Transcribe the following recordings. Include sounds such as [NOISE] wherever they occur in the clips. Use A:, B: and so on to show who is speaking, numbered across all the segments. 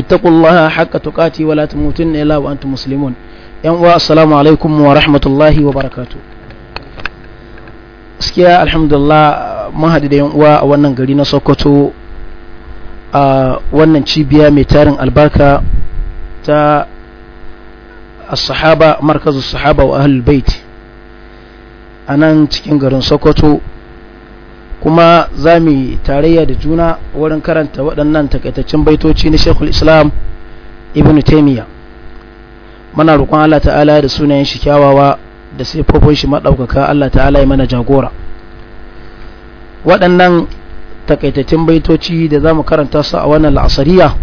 A: ittaqullaha haqqa tuqati wa la tamutunna illa wa antum yan uwa assalamu alaikum wa rahmatullahi wa barakatuh gaskiya alhamdulillah mun haɗu da yan uwa a wannan gari na Sokoto a wannan cibiya mai tarin albarka ta as-sahaba markazu sahaba wa ahlul bait a nan cikin garin Sokoto kuma za mu yi tarayya da juna wurin karanta waɗannan takaitaccen baitoci na shekul islam ibn taimiyya mana roƙon allah ta'ala da sunayen shi kyawawa da siffofin shi maɗaukaka allah ta'ala ya mana jagora waɗannan takaitaccen baitoci da za mu karanta su a wannan la'asariya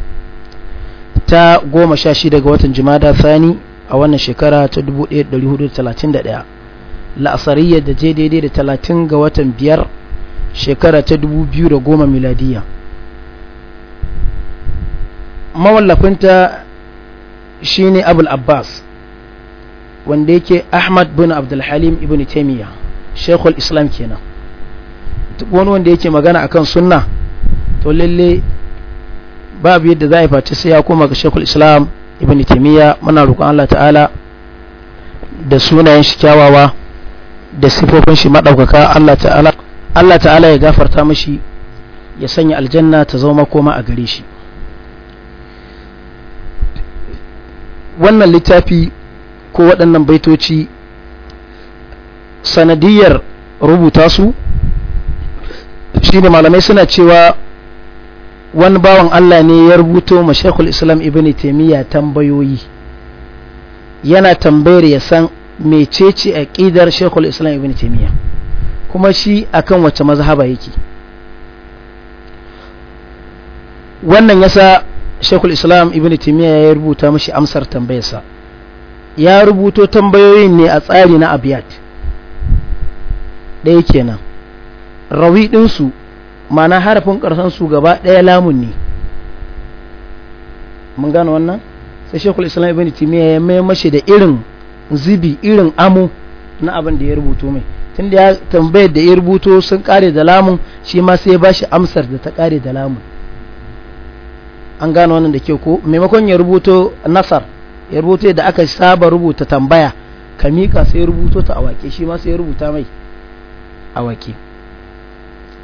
A: ta goma sha shi daga watan jimada sani a wannan shekara ta 1431 la'asariya da je daidai da 30 ga watan biyar shekara ta da goma miladiya mawallafinta ne abul abbas wanda yake ahmad bin abdulhalim ibn taimiyya shekul islam kenan duk wani wanda yake magana akan sunna to lalle babu yadda za a yi face sai ya koma ga shekul islam ibn taimiyya muna roƙon allah ta'ala da sunayen shi kyawawa da sifofin shi maɗaukaka allah ta'ala Allah ta'ala ya gafarta mashi ya sanya aljanna ta zama koma a gare shi wannan littafi ko waɗannan baitoci sanadiyar rubuta su shine malamai suna cewa wani bawan Allah ne ya rubuto shekul islam ibn taimiyya tambayoyi yana tambayar ya san mecece aƙidar shekul islam ibn taimiyya kuma shi a kan wacce mazhaba yake wannan yasa shekul islam ibn timiya ya rubuta mashi amsar tambayarsa ya rubuto tambayoyin ne a tsari na abiyat ɗaya kenan rawi ɗinsu mana harafin ƙarsansu gaba ɗaya lamun ne mun gano wannan sai shekul islam ibn timiya ya mai mashi da irin zibi irin amu na abin da ya rubuto mai tun da ya tambayar da ya rubuto sun kare da lamun shi ma sai ba shi amsar da ta kare da lamun an gano wannan da ke ko maimakon ya rubuto nasar ya rubuto da aka saba rubuta tambaya ka miƙa sai ya rubuto ta awake shi ma sai ya rubuta mai awake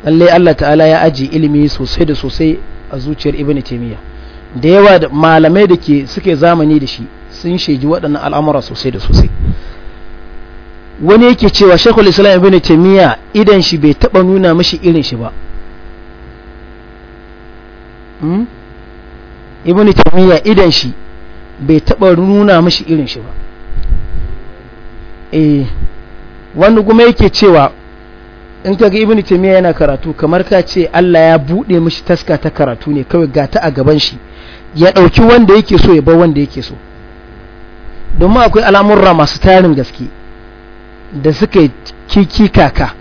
A: lallai Allah ta'ala ya aji ilimi sosai da sosai a zuciyar ibn taymiya da yawa malamai da ke suke zamani da shi sun sheji waɗannan al'amura sosai da sosai wani yake cewa shekul islam ibn taimiyya idan shi bai taba nuna mashi irin shi ba hmm? ibn taimiyya idan shi bai taba nuna mashi irin shi ba eh wani kuma yake cewa in kaga ibn taimiyya yana karatu kamar ka ce Allah ya bude mashi taska ta karatu ne kawai gata a gaban shi ya dauki wanda yake so ya bar wanda yake so domin akwai al'amurra masu tarin gaske da suka kiki kaka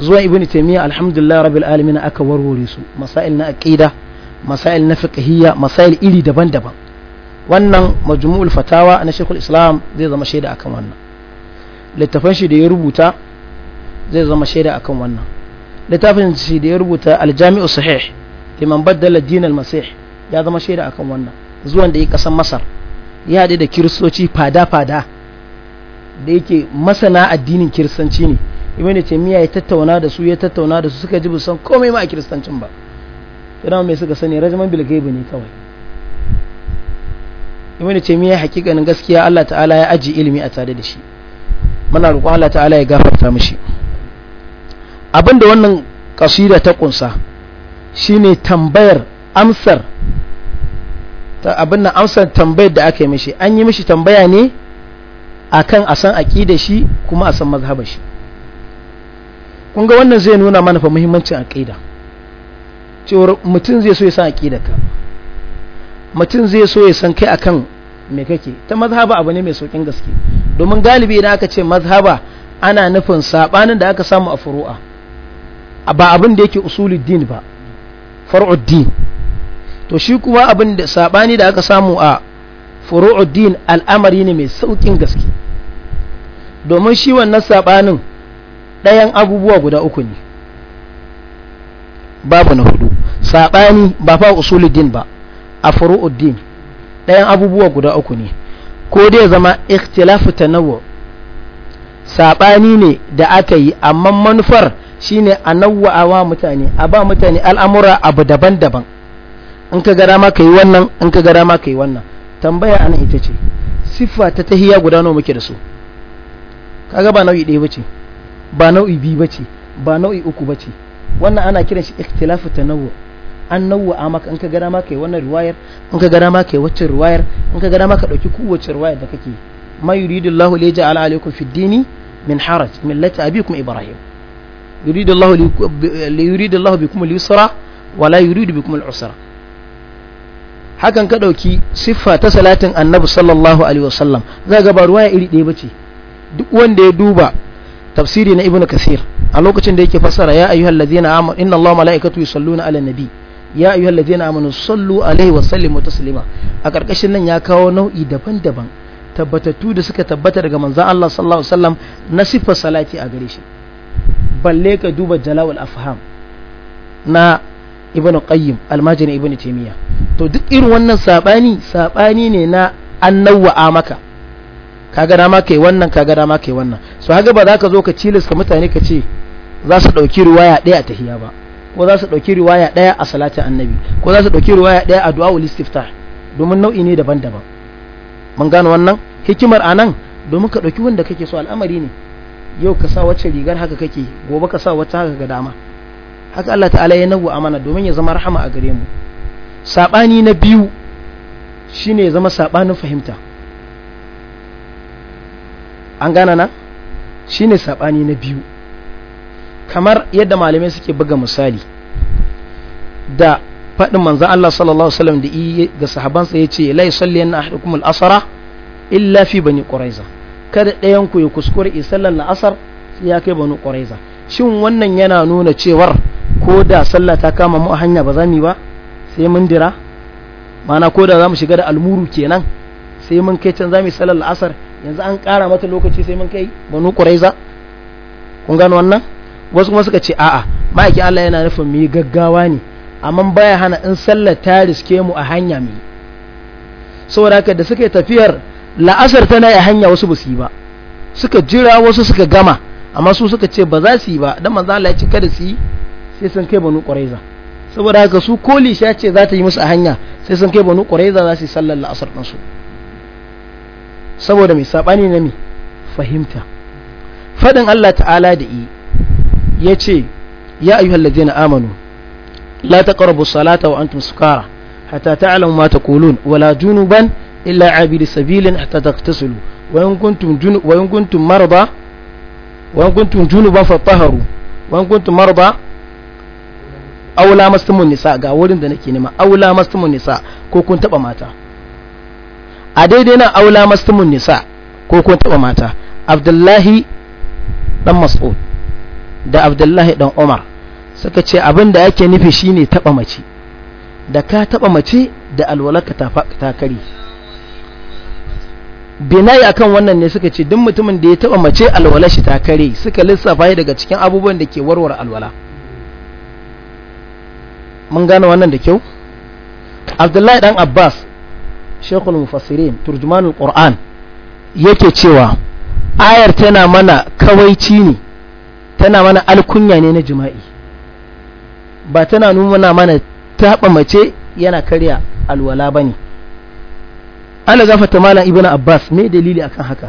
A: zuwa ibini taymiya alhamdulillah rabbil alamin aka warware su masail na aqida masail na fiqhiyya masail iri daban-daban wannan majmu'ul fatawa na shekul islam zai zama shaida akan wannan littafin shi da ya rubuta zai zama shaida akan wannan littafin shi da ya rubuta aljami'u sahih liman baddala din almasih ya zama shaida akan wannan zuwan da ya kasan masar ya haɗe da kiristoci fada-fada da yake masana addinin kiristanci ne ibn taymiya ya tattauna da su ya tattauna da su suka ji san komai ma a kiristancin ba to mai suka sani rajman bil gaibi ne kawai ibn taymiya hakikanin gaskiya Allah ta'ala ya aji ilimi a tare da shi muna roƙon Allah ta'ala ya gafarta mishi abinda wannan kasida ta kunsa shine tambayar amsar ta abinda amsar tambayar da aka yi mishi an yi mishi tambaya ne akan a san aqidar shi kuma a san mazhabar shi kun ga wannan zai nuna mana fa muhimmancin aqida cewar mutum zai so ya san ka mutum zai so ya san kai akan me kake ta mazhaba abu ne mai saukin gaske domin galibi idan aka ce mazhaba ana nufin sabanin da aka samu a furu'a ba abin da yake usuluddin ba far'uddin to shi kuma abin da sabani da aka samu a furu'uddin al'amari ne mai saukin gaske domin shi wannan saɓanin ɗayan abubuwa guda uku ne babu na hudu saɓani ba fa usuluddin ba a furu'uddin ɗayan abubuwa guda uku ne ko dai zama ikhtilafu tanawwu saɓani ne da aka yi amma manufar shine a wa mutane a ba mutane al'amura abu daban-daban in ka gara ma ka yi wannan in ka gara ma ka yi wannan tambaya ana ita ce siffa ta tahiya guda nawa muke da su kaga ba nau'i ɗaya bace ba nau'i biyu bace ba nau'i uku bace wannan ana kiran shi ikhtilafu tanawwu an nawwa maka in ka gara maka wannan riwayar in ka gara maka wacce riwayar in ka gara maka dauki kowace riwayar da kake ma yuridullahu li ja'ala alaykum fi dini min haraj millati abikum ibrahim yuridullahu li yuridullahu bikum al-yusra wa la yuridu bikum al-usra hakan ka dauki siffa ta salatin annabi sallallahu alaihi wasallam zaga ba riwaya iri ɗaya bace duk wanda ya duba tafsiri na ibnu kasir a lokacin da yake fassara ya ayyuhal ladina amanu inna allaha malaikatu yusalluna ala nabi ya ayyuhal ladina amanu sallu alaihi wa sallimu taslima a karkashin nan ya kawo nau'i daban-daban tabbatattu da suka tabbata daga manzon Allah sallallahu alaihi wasallam na sifar salati a gare shi balle ka duba jalawul afham na ibnu qayyim almajiri ibnu taymiya to duk irin wannan sabani sabani ne na annawa maka kaga dama kai wannan kaga dama kai wannan so haka ba za ka zo ka cilista mutane ka ce za su ɗauki riwaya ɗaya a tahiya ba ko za su ɗauki riwaya ɗaya a salatin annabi ko za su ɗauki riwaya ɗaya a du'a istiftah domin nau'i ne daban-daban mun gano wannan hikimar anan domin ka ɗauki wanda kake so al'amari ne yau ka sa wacce rigar haka kake gobe ka sa wacce haka ga dama haka Allah ta'ala ya nagu amana domin ya zama rahama a gare mu saɓani na biyu shine ya zama saɓanin fahimta an gana na ne saɓani na biyu kamar yadda malamai suke buga misali da faɗin manzan Allah sallallahu alaihi wasallam da ga sahabansa ya ce lai salli anna ahadukum hukumar illa fi bani ƙwarai'za kada ɗayan ku ya kuskure iya sallar la'asar sai ya kai bani ƙwarai'za shin wannan yana nuna cewar ko da sallah ta kama mu a hanya ba za mu yi ba sai mun dira mana ko da za mu shiga da almuru kenan sai mun kai can za mu salar la'asar yanzu an ƙara mata lokaci sai mun kai banu ƙuraiza kun gano wannan wasu kuma suka ce a'a yake Allah yana nufin mu gaggawa ne amma baya hana in sallar ta riske mu a hanya mu saboda haka da suka yi tafiyar la'asar tana a hanya wasu ba su yi ba suka jira wasu suka gama amma su suka ce ba za su yi ba dan manzo Allah ya ce kada su yi sai sun kai banu ƙuraiza saboda haka su koli sha ce za ta yi musu a hanya sai sun kai banu ƙuraiza za su yi sallar la'asar ɗinsu su saboda mai saɓani na mi fahimta faɗin Allah ta'ala da yi ya ce ya ayyuhal na amanu la ta ƙarabu salata wa antum sukara hatta ta'lamu ma kolon wala junuban illa abidi sabilin hatta ta wa in kuntum junub wa in kuntum marda wa in kuntum kuntum nisa ga wurin da nake nema aw mun nisa ko kun taɓa mata a daidai nan aula mastumin nisa ko kun taba mata abdullahi dan mas'ud da abdullahi dan umar suka ce abin da ake nufi shine taba mace da ka taba mace da alwalaka ta kare. binai akan wannan ne suka ce duk mutumin da ya taba mace alwala shi ta kare suka lissafa shi daga cikin abubuwan da ke warware alwala mun gane wannan da kyau abdullahi dan abbas shekul mufassirin turjumanul qur'an yake cewa ayar tana mana kawaici ne tana mana alkunya ne na jima'i ba tana nuna mana taɓa mace yana karya alwala ba ne ana ta malam ibn abbas me dalili akan haka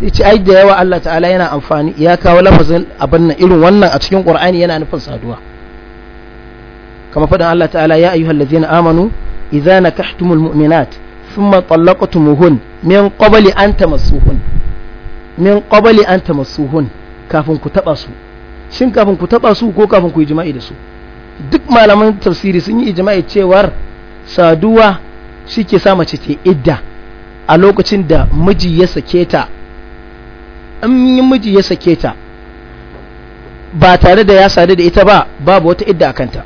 A: sai ce ai da yawa Allah ta'ala yana amfani ya kawo lafazin abin nan irin wannan a cikin qur'ani yana nufin saduwa kama faɗin Allah ta'ala ya ayyuhal ladzina amanu idza nakahtumul mu'minat ثم طلقتموهن من قبل أن تمسوهن من قبل أن تمسوهن كافن كتبسو shin kafin ku taba su ko kafin ku yi jima'i da su duk malaman tafsiri sun yi jima'i cewar saduwa shike sa mace ce idda a lokacin da miji ya sake ta in miji ya sake ta ba tare da ya sadu da ita ba babu wata idda a kanta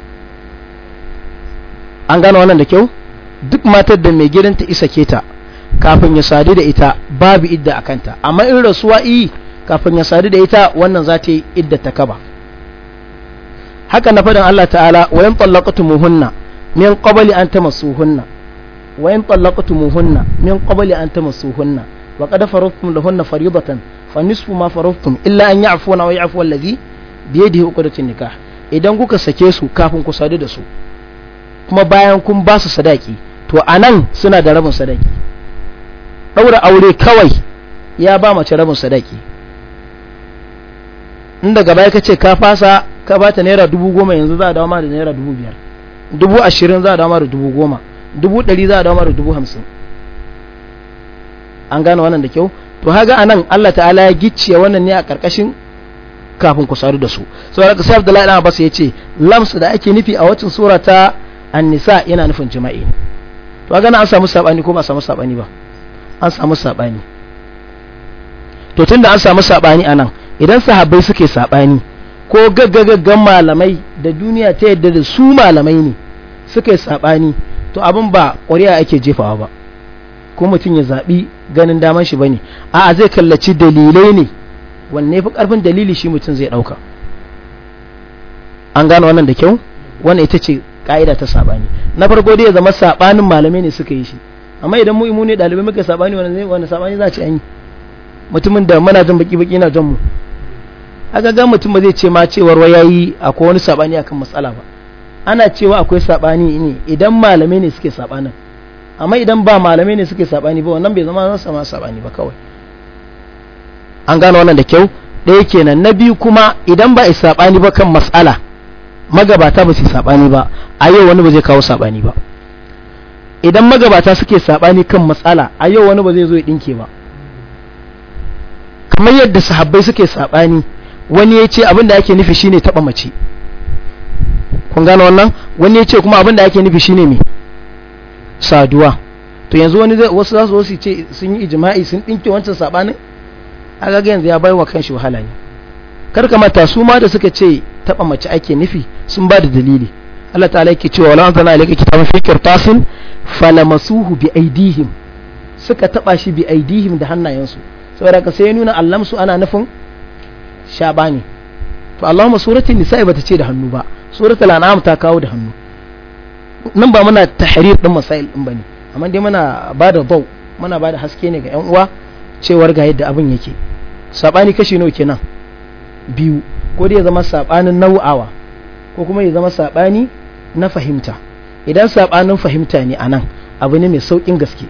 A: an gano wannan da kyau duk matar da mai gidanta isa ke ta kafin ya sadu da ita babu idda a kanta amma in rasuwa yi kafin ya sadu da ita wannan za ta yi idda ta kaba haka na faɗin Allah ta'ala wayan tallaqatu muhunna min qabli an tamassuhunna wayan tallaqatu muhunna min qabli an tamassuhunna wa qad faradtum lahunna fariidatan fa nisfu ma faradtum illa an ya'funa wa ya'fu alladhi bi yadihi uqdatun nikah idan kuka sake su kafin ku sadu da su kuma bayan kun ba su sadaki to a nan suna da rabin sadaki ɗaura aure kawai ya ba mace rabin sadaki in gaba ya kace ce ka fasa ka ba ta naira dubu goma yanzu za a dawo ma da naira dubu biyar dubu ashirin za a dawo ma da dubu goma dubu ɗari za a dawo ma da dubu hamsin an gane wannan da kyau to haga nan Allah ta'ala ya gicciya wannan ne a ƙarƙashin kafin ku sadu da su saboda ka sai Abdullahi ɗan Abbas ya ce lamsu da ake nufi a wacin sura ta annisa yana nufin jima'i to a gana an samu sabani ko ba samu sabani ba an samu sabani to tunda an samu sabani anan idan sahabbai suke sabani ko gaggagaggan malamai da duniya ta yadda da su malamai ne suke sabani to abin ba ƙwariya ake jefawa ba ko mutum ya zaɓi ganin daman shi bane a'a zai kallaci dalilai ne wanne fi ƙarfin dalili shi mutum zai ɗauka an gane wannan da kyau wannan ita ce ka'ida ta sabani na farko dai ya zama sabanin malamai ne suka yi shi amma idan mu ne dalibai muka sabani wani wani sabani za ci an yi mutumin da muna jin baki baki na jan mu aka ga mutum ba zai ce ma cewar wai yayi akwai wani sabani akan matsala ba ana cewa akwai sabani ne idan malamai ne suke sabanin amma idan ba malamai ne suke sabani ba wannan bai zama zan sama sabani ba kawai an gano wannan da kyau ɗaya kenan na biyu kuma idan ba a sabani ba kan matsala magabata ba su saɓani ba a yau wani ba zai kawo saɓani ba idan magabata suke saɓani kan matsala a yau wani ba zai zo ya ɗinke ba kamar yadda sahabbai suke saɓani wani ya ce abinda da ake nufi shine taɓa mace kun gane wannan wani ya ce kuma abinda da ake nufi shine me saduwa to yanzu wani zai wasu za su ce sun yi ijima'i sun ɗinke wancan saɓanin a ga yanzu ya bai wa kanshi wahala ne Kar ka mata su ma da suka ce taba mace ake nufi sun ba da dalili Allah ta'ala yake cewa wala anzalna ilayka kitaba fi qirtasin falamasuhu bi aidihim suka taba shi bi aidihim da hannayensu saboda ka sai nuna allamsu ana nufin shabani to Allahumma surati nisa'i bata ce da hannu ba suratul an'am ta kawo da hannu nan ba muna tahrir din masail din bane amma dai muna da bau muna ba da haske ne ga yan uwa cewar ga yadda abin yake sabani kashi nawa kenan biyu ko dai ya zama saɓanin nau'awa ko kuma ya zama saɓani na fahimta idan saɓanin fahimta ne a nan abu ne mai sauƙin gaske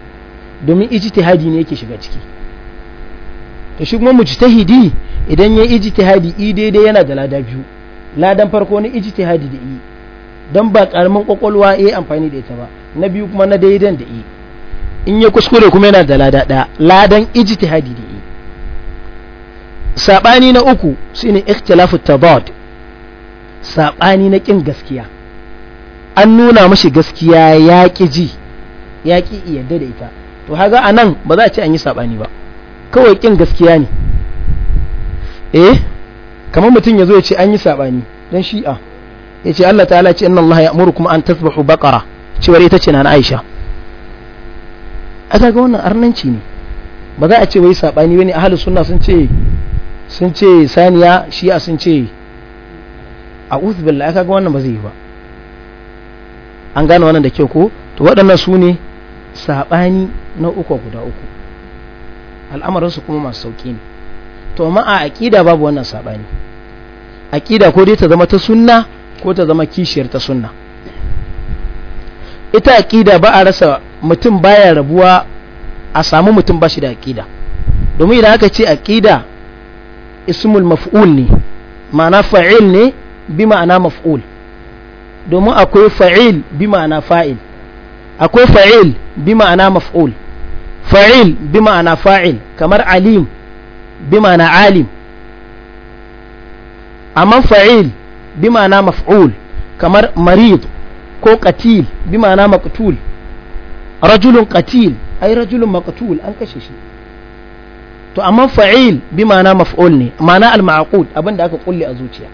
A: domin ijtihadi ne yake shiga ciki to shi kuma mujtahidi idan ya ijtihadi i daidai yana da lada biyu ladan farko na ijtihadi da i don ba karamin kwakwalwa ya amfani da ita ba na biyu kuma na daidan da i in ya kuskure kuma yana da lada ɗaya ladan ijtihadi da saɓani na uku shine ikhtilafu tabad saɓani na ƙin gaskiya an nuna mashi gaskiya ya ƙi ji ya ƙi yadda da ita to haga a nan ba za a ce an yi saɓani ba kawai ƙin gaskiya ne eh kamar mutum ya zo ya ce an yi saɓani don shi'a ya ce Allah ta'ala ce inna Allah ya amuru kuma an tasbahu baƙara cewar ita ce na na Aisha a ga wannan arnanci ne ba za a ce wai saɓani bane ahlus sunna sun ce sun ce saniya shi'a sun ce a ya kaga wannan ba zai yi ba an gane wannan da kyau ko to waɗannan su ne saɓani na uku guda uku al'amuransu kuma masu sauƙi ne to ma a aƙida babu wannan saɓani aƙida ko dai ta zama ta sunna ko ta zama kishiyar ta sunna ita aƙida ba a rasa mutum baya rabuwa a samu mutum ba shi da aƙida domin idan aka ce aƙida ismul maf'ul ne ma'ana fa'il ne bi ma'ana maf'ul domin akwai fa'il bi ma'ana fa'il akwai fa'il bi ma'ana maf'ul fa'il bi ma'ana fa'il kamar alim bi ma'ana alim amma fa'il bi ma'ana maf'ul kamar marid ko qatil bi ma'ana maqtul rajulun qatil ai rajulun maqtul an kashe shi to amma fa'il bi ma'ana maf'ul ne ma'ana al-ma'qud abin da aka kulle a zuciya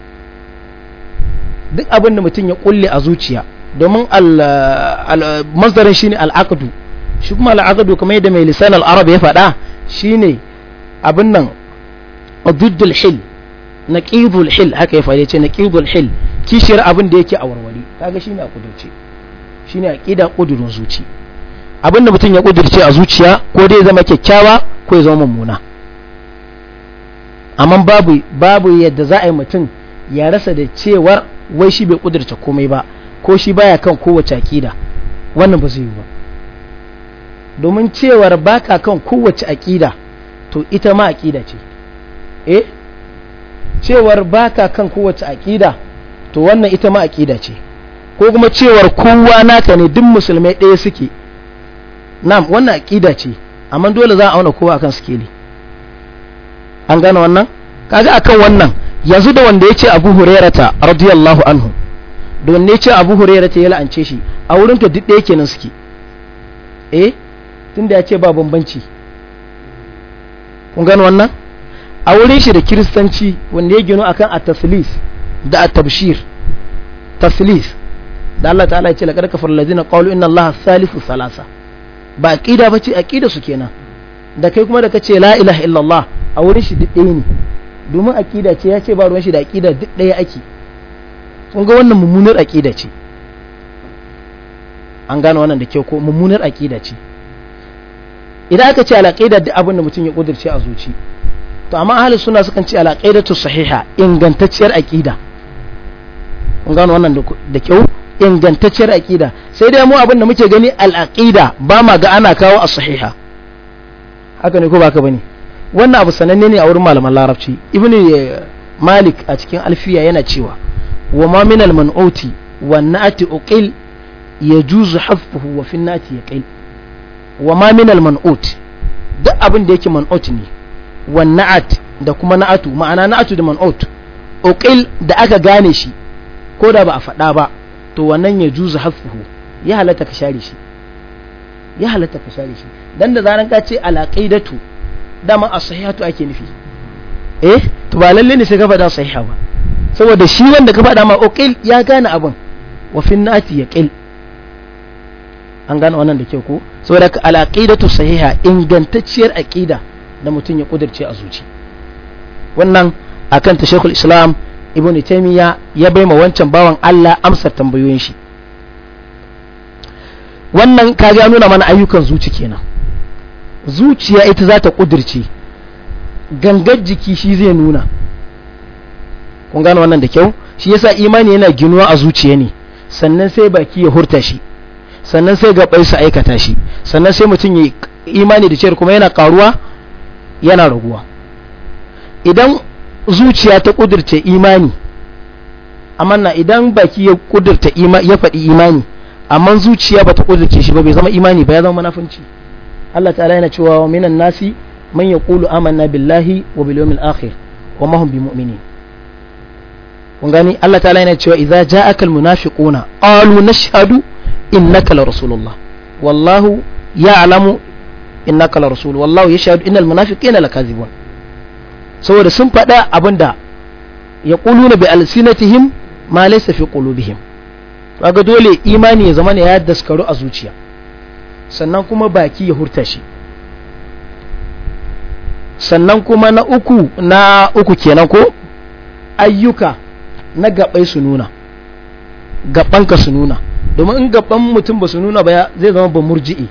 A: duk abin da mutum ya kulle a zuciya domin al-masdarin shine al-aqdu shi kuma al-aqdu kamar yadda mai lisan al-arab ya faɗa shine abin nan duddul hil naqidul hil haka ya faɗa ce naqidul hil kishir abin da yake a warware kaga shine a kudurce shine aqida kudurin zuci abin da mutum ya kudurce a zuciya ko dai zama kyakkyawa ko ya zama mummuna amma babu babu yadda za a yi mutum ya rasa da cewar wai shi bai kudurta komai ba ko shi baya kan kowace akida wannan ba zai yi ba domin cewar baka kan kowace akida to ita ma akida ce eh cewar baka kan kowace akida to wannan ita ma akida ce ko kuma cewar kowa naka ne duk musulmai ɗaya suke na'am wannan akida ce amma dole za a auna kowa akan sikeli an gane wannan kaga akan wannan yanzu da wanda ya ce abu hurairata radiyallahu anhu da wanda ya ce abu hurairata ya la'ance shi a wurin ta duk yake nan suke eh tunda ya ba bambanci kun gane wannan a wurin shi da kiristanci wanda ya gino akan at-taslis da at-tabshir taslis da Allah ta'ala ya ce laqad kafara allazina qalu inna allaha salisu salasa ba aqida bace aqida su kenan da kai kuma da kace la ilaha illallah a wurin shi duk ɗaya ne domin aƙida ce ya ce ba ruwan shi da aƙida duk ɗaya ake sun ga wannan mummunar aƙida ce an gano wannan da kyau ko mummunar aƙida ce idan aka ce alaƙida duk abin da mutum ya ƙudurce a zuci to amma ahalin suna sukan ce alaƙaidatu sahiha ingantacciyar aƙida kun gano wannan da kyau ingantacciyar aƙida sai dai mu abin da muke gani al'aƙida ba ma ga ana kawo a sahiha haka ne ko ba ka bane wannan abu sananne ne a wurin malaman larabci ibn eh, malik a cikin alfiya yana cewa wa ma min al-man'uti wa na'ati uqil yajuzu haffuhu wa fi na'ati yaqil wa ma min al-man'ut duk abin da yake man'ut ne wa na'at da kuma na'atu ma'ana na'atu da man'ut uqil da aka gane shi ko da ba a faɗa ba to wannan ya juzu haffuhu ya halatta ka share shi ya halatta ka share shi dan da zaran ka ce alaqaidatu dama a sahihatu ake nufi eh to ba lalle ne sai ka faɗa sahiha ba saboda shi wanda ka faɗa ma uqil ya gane abin wa fi nati yaqil an gane wannan da kyau ko saboda ka alaqidatu sahiha ingantacciyar aqida da mutum ya kudirce a zuci wannan akan ta shekul islam ibnu taymiya ya bai baima wancan bawan Allah amsar tambayoyin shi wannan kaga nuna mana ayyukan zuci kenan zuciya ita za ta ƙudirce gangar jiki shi zai nuna kun gano wannan da kyau shi yasa imani yana ginuwa a zuciya ne sannan sai baki ya hurta shi sannan sai gabai su aikata shi sannan sai mutum ya imani da cewar kuma yana karuwa yana raguwa idan zuciya ta kudirce imani amma na idan baki ya kudirta ya faɗi imani amma zuciya ba ta kudirce shi ba bai zama imani ba ya zama munafunci Allah ta'ala yana cewa wa minan nasi man yaqulu amanna billahi wa bil yawmil akhir wa ma hum bimu'minin kun gani Allah ta'ala yana cewa idza ja'aka al munafiquna qalu nashhadu innaka la rasulullah wallahu ya'lamu innaka la rasul wallahu yashhadu innal munafiqina lakazibun saboda sun faɗa abinda ya yaquluna bi alsinatihim ma laysa fi qulubihim kaga dole imani ya zama ne ya daskaru a zuciya sannan kuma baki ya hurta shi sannan kuma na uku na uku kenan ko ayyuka na gabai su nuna gabanka su nuna domin in gaban mutum ba su nuna ba zai zama ba murji'i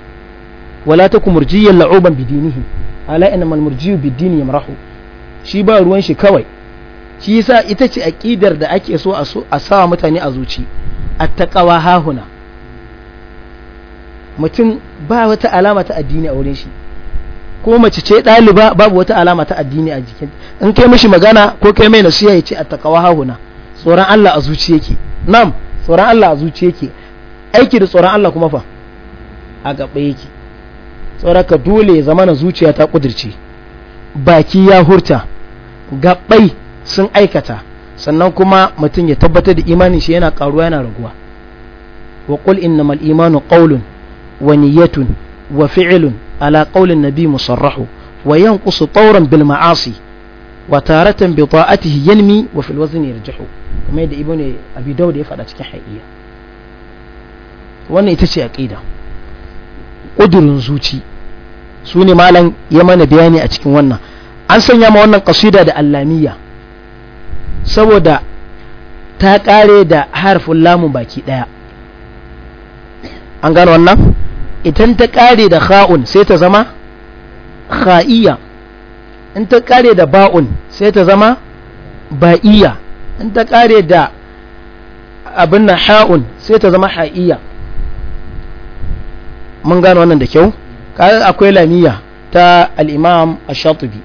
A: wala ta ku murjiyan la'uban bidinihi ala mal murji'u bidini yamrahu shi ba ruwan shi kawai shi yasa ita ce aqidar da ake so a sa mutane a zuci at-taqwa hahuna mutum ba wata alama ta addini a wurin shi ko mace ce ɗaliba babu wata alama ta addini a jikin in kai mishi magana ko kai mai nasiha ya ce a takawa hahuna tsoron Allah a zuci yake nam tsoron Allah a zuci yake aiki da tsoron Allah kuma fa a gaba yake tsoraka dole zama na zuciya ta kudirce baki ya hurta Gaɓai sun aikata sannan kuma mutum ya tabbatar da imanin shi yana ƙaruwa yana raguwa wa qul innamal imanu qawlun ونية وفعل على قول النبي مصرح وينقص طورا بالمعاصي وتارة بطاعته ينمي وفي الوزن يرجح كما يدى ابن أبي داود يفعل تكن حقيقية وانا اتشي أكيدا قدر زوتي سوني مالا يمن بياني أتكن وانا أنسان يما وانا قصيدة دا اللامية سوى دا ta kare da harfin lamun baki daya an gano wannan idan ta kare da kha'un sai ta zama kha'iya in ta kare da ba'un sai ta zama ba'iya in ta kare da abin na ha'un sai ta zama ha'iya mun gano wannan da kyau akwai lamiya ta al'imam a shatubi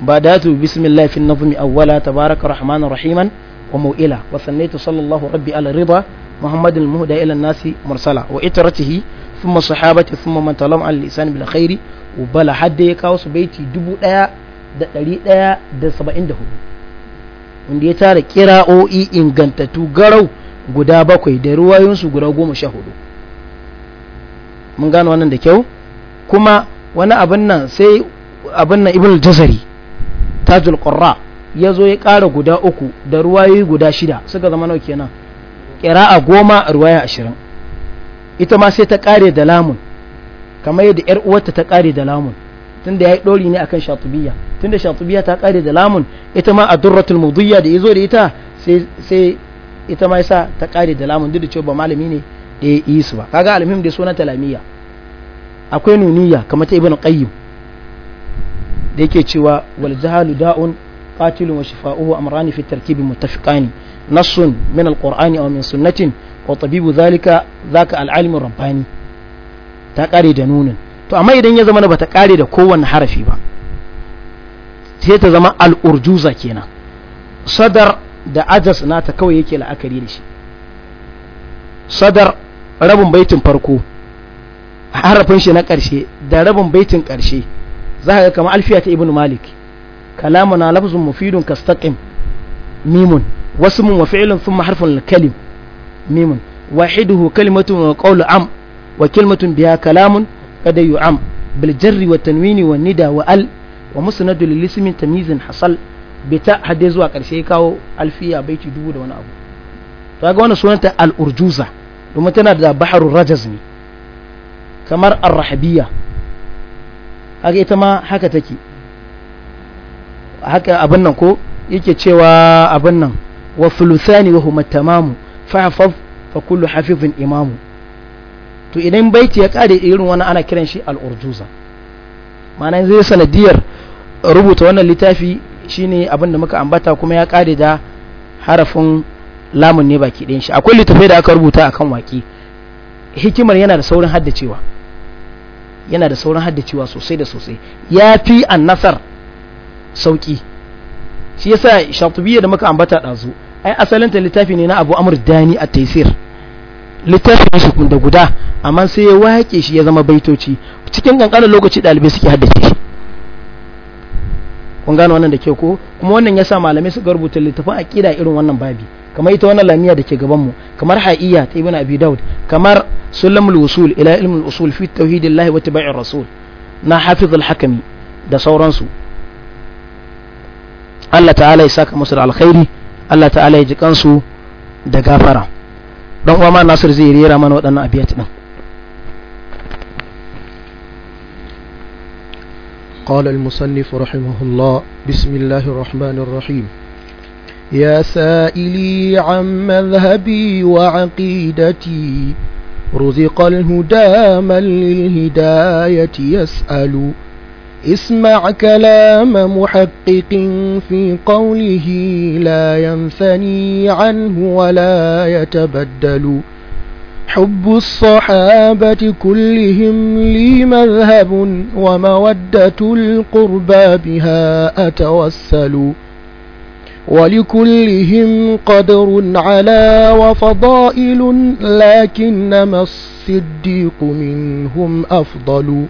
A: ba da tu bismillah fi nazumi awwala tabaraka rahmanin rahiman wa mu'ila wa sannaitu sallallahu rabbi ala rida muhammadin muhda ila nasi mursala wa itaratihi thumma sahabati thumma man talam al lisan bil khairi wa bala hadda ya kawo su baiti 1174 wanda ya tara kira'o'i ingantattu garau guda bakwai da ruwayoyinsu guda goma sha hudu mun gano wannan da kyau kuma wani abin nan sai abin nan ibn jazari tajul qurra ya zo ya ƙara guda uku da ruwayoyi guda shida suka zama nau kenan ƙira'a goma ruwaya ashirin ita ma sai ta kare da lamun kamar yadda yar uwarta ta kare da lamun tunda yayi dori ne akan shatubiya tunda shatubiya ta kare da lamun ita ma adurratul mudiyya da yazo da ita sai sai ita ma yasa ta ƙare da lamun duk da cewa ba malami ne da ya yi su ba kaga almuhim da sunan talamiyya akwai nuniya kamar ta ibnu qayyim da yake cewa wal jahalu da'un qatilun wa shifa'uhu amrani fi tarkibi muttafiqani nassun min alqur'ani aw min sunnatin wa tabibu zalika zaka al'alimin rumfani ta kare da nunin to amma idan ya zama na bata kare da kowanne harafi ba sai ta zama al'urjuza kenan sadar da ajas nata kawai yake la'akari da shi sadar rabin baitin farko harafin shi na ƙarshe da rabin baitin ƙarshe za ka ga kamar alfiya ta ibn malik kalamuna lafzun mufidun kastaqim mimun wasu mun wa fi'lun thumma harfun kalim mimun wahiduhu kalimatun wa qawlu am wa kalimatun biha kalamun qad yu'am bil jarri wa tanwini wa nida wa al wa musnadu hasal bi ta hade zuwa karshe kawo alfiya baiti dubu da wani abu to ga wannan sunanta al urjuza domin tana da baharu rajaz ne kamar ar-rahabiyya haka ita ma haka take haka abin nan ko yake cewa abin nan wa thuluthani wa huma tamamu fahfaz fa kullu hafizin imamu to idan baiti ya kare irin wani ana kiran shi al'urjuza mana zai sanadiyar rubuta wannan littafi shine abinda muka ambata kuma ya kare da harafin lamun ne baki ɗayan shi akwai littafai da aka rubuta akan waki hikimar yana da saurin haddacewa yana da saurin haddacewa sosai da sosai ya fi annasar sauƙi shi yasa shatubiyya da muka ambata ɗazu ai asalinta littafi ne na abu amur dani a taisir littafi ne shi kunda guda amma sai ya wake shi ya zama baitoci cikin kankanin lokaci ɗalibai suke haddace shi kun gano wannan da ke ko kuma wannan ya sa malamai su rubuta littafin aqida irin wannan babi kamar ita wannan lamiya da ke gaban mu kamar ha'iyya ta ibn abi daud kamar sulamul usul ila ilmul usul fi tauhidillah wa tabi'ir rasul na hafiz al-hakimi da sauransu Allah ta'ala ya saka musu da alkhairi Allah ta'ala ya ji kansu da gafara don uwa ma Nasir zai rera mana waɗannan abiyat din
B: قال المصنف رحمه الله بسم الله الرحمن الرحيم يا سائلي عن مذهبي وعقيدتي رزق الهدى من للهداية يسأل اسمع كلام محقق في قوله لا ينثني عنه ولا يتبدل حب الصحابة كلهم لي مذهب ومودة القربى بها أتوسل ولكلهم قدر على وفضائل لكنما الصديق منهم أفضل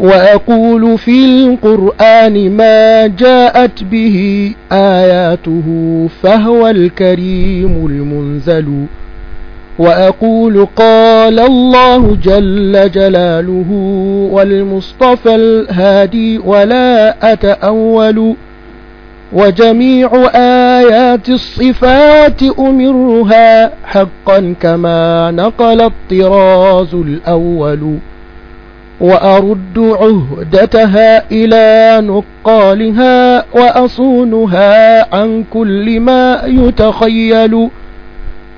B: وأقول في القرآن ما جاءت به آياته فهو الكريم المنزل وأقول قال الله جل جلاله والمصطفى الهادي ولا أتأول وجميع آيات الصفات أمرها حقا كما نقل الطراز الأول وأرد عهدتها إلى نقالها وأصونها عن كل ما يتخيل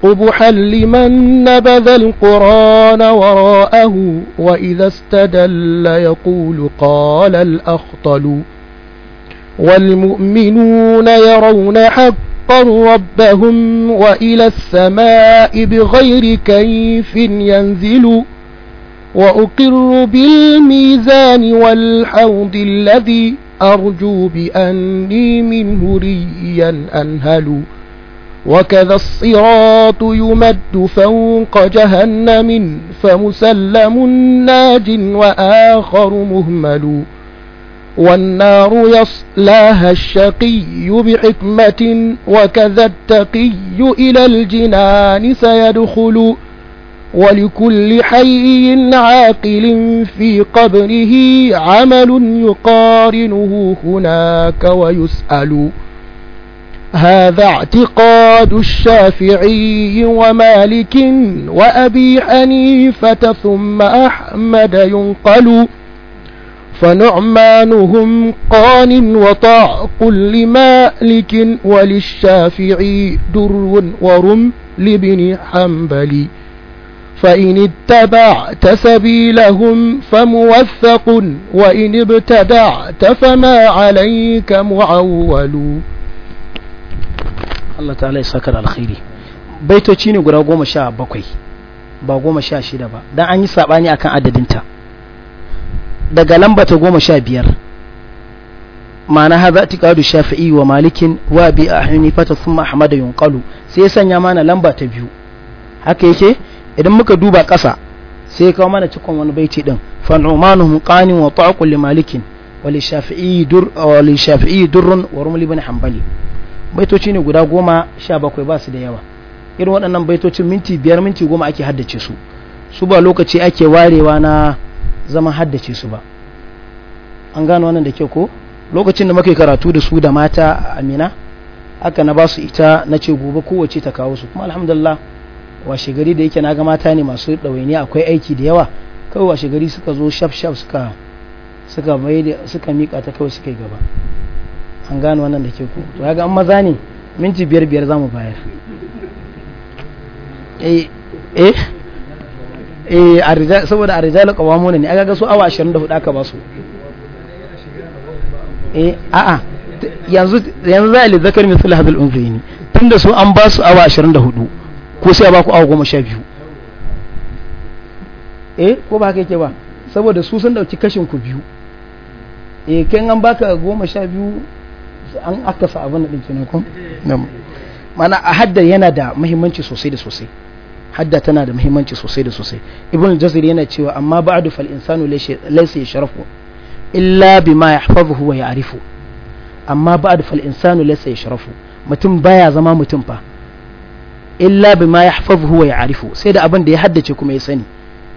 B: قبحا لمن نبذ القرآن وراءه وإذا استدل يقول قال الأخطل والمؤمنون يرون حقا ربهم وإلى السماء بغير كيف ينزلوا وأقر بالميزان والحوض الذي أرجو بأني منه ريا أنهل وكذا الصراط يمد فوق جهنم فمسلم ناج وآخر مهمل والنار يصلاها الشقي بحكمة وكذا التقي إلى الجنان سيدخل ولكل حي عاقل في قبره عمل يقارنه هناك ويسأل هذا اعتقاد الشافعي ومالك وأبي حنيفة ثم أحمد ينقل فنعمانهم قان وطاق لمالك وللشافعي در ورم لابن حنبل فإن اتبعت سبيلهم فموثق وإن ابتدعت فما عليك معول Allah ta'ala
A: ya sakar baitoci ne guda goma sha bakwai ba goma sha shida ba don an yi saɓani akan adadinta daga lamba ta goma sha biyar ma'ana haza kadu shafi'i wa malikin wa bi a hannifata sun ma'amada yunƙalu sai sanya mana lamba ta biyu haka yake idan muka duba ƙasa sai kawo mana cikon wani baiti ɗin fan'umanu qanin wa ta'akun li malikin wa shafi'i durrun wa rumuli ibn hambali baitoci ne guda goma sha bakwai ba su da yawa irin waɗannan baitoci minti biyar minti goma ake haddace su su ba lokaci ake warewa na zama haddace su ba an gano wannan da ke ko lokacin da muka karatu da su da mata a amina aka na ba su ita na ce gobe kowace ta kawo su kuma alhamdulillah washe gari da yake na ga mata ne masu ɗawainiya akwai aiki da yawa kawai washe gari suka zo shaf shaf suka suka bai suka mika ta kawai suka yi gaba an gano wannan da ke ku to ga an maza ne minti biyar biyar za mu bayar eh eh eh saboda a rijal kawamo ne aka ga su awa 24 aka ba su eh a'a yanzu yanzu za a lizakar zakar misal hadal unzayni tunda su an ba su awa 24 ko sai a ku awa goma sha biyu eh ko ba ka yake ba saboda su sun dauki kashin ku biyu eh kai an ba ka goma sha biyu an akasa abin da ɗinke na kun mana a hadda yana da muhimmanci sosai da sosai hadda tana da muhimmanci sosai da sosai ibn jazir yana cewa amma ba'du fal insanu laysa yasharafu illa bima yahfazuhu wa ya'rifu amma ba'du fal insanu laysa yasharafu mutum baya zama mutum fa illa ma yahfazu wa ya'rifu sai da abin da ya haddace kuma ya sani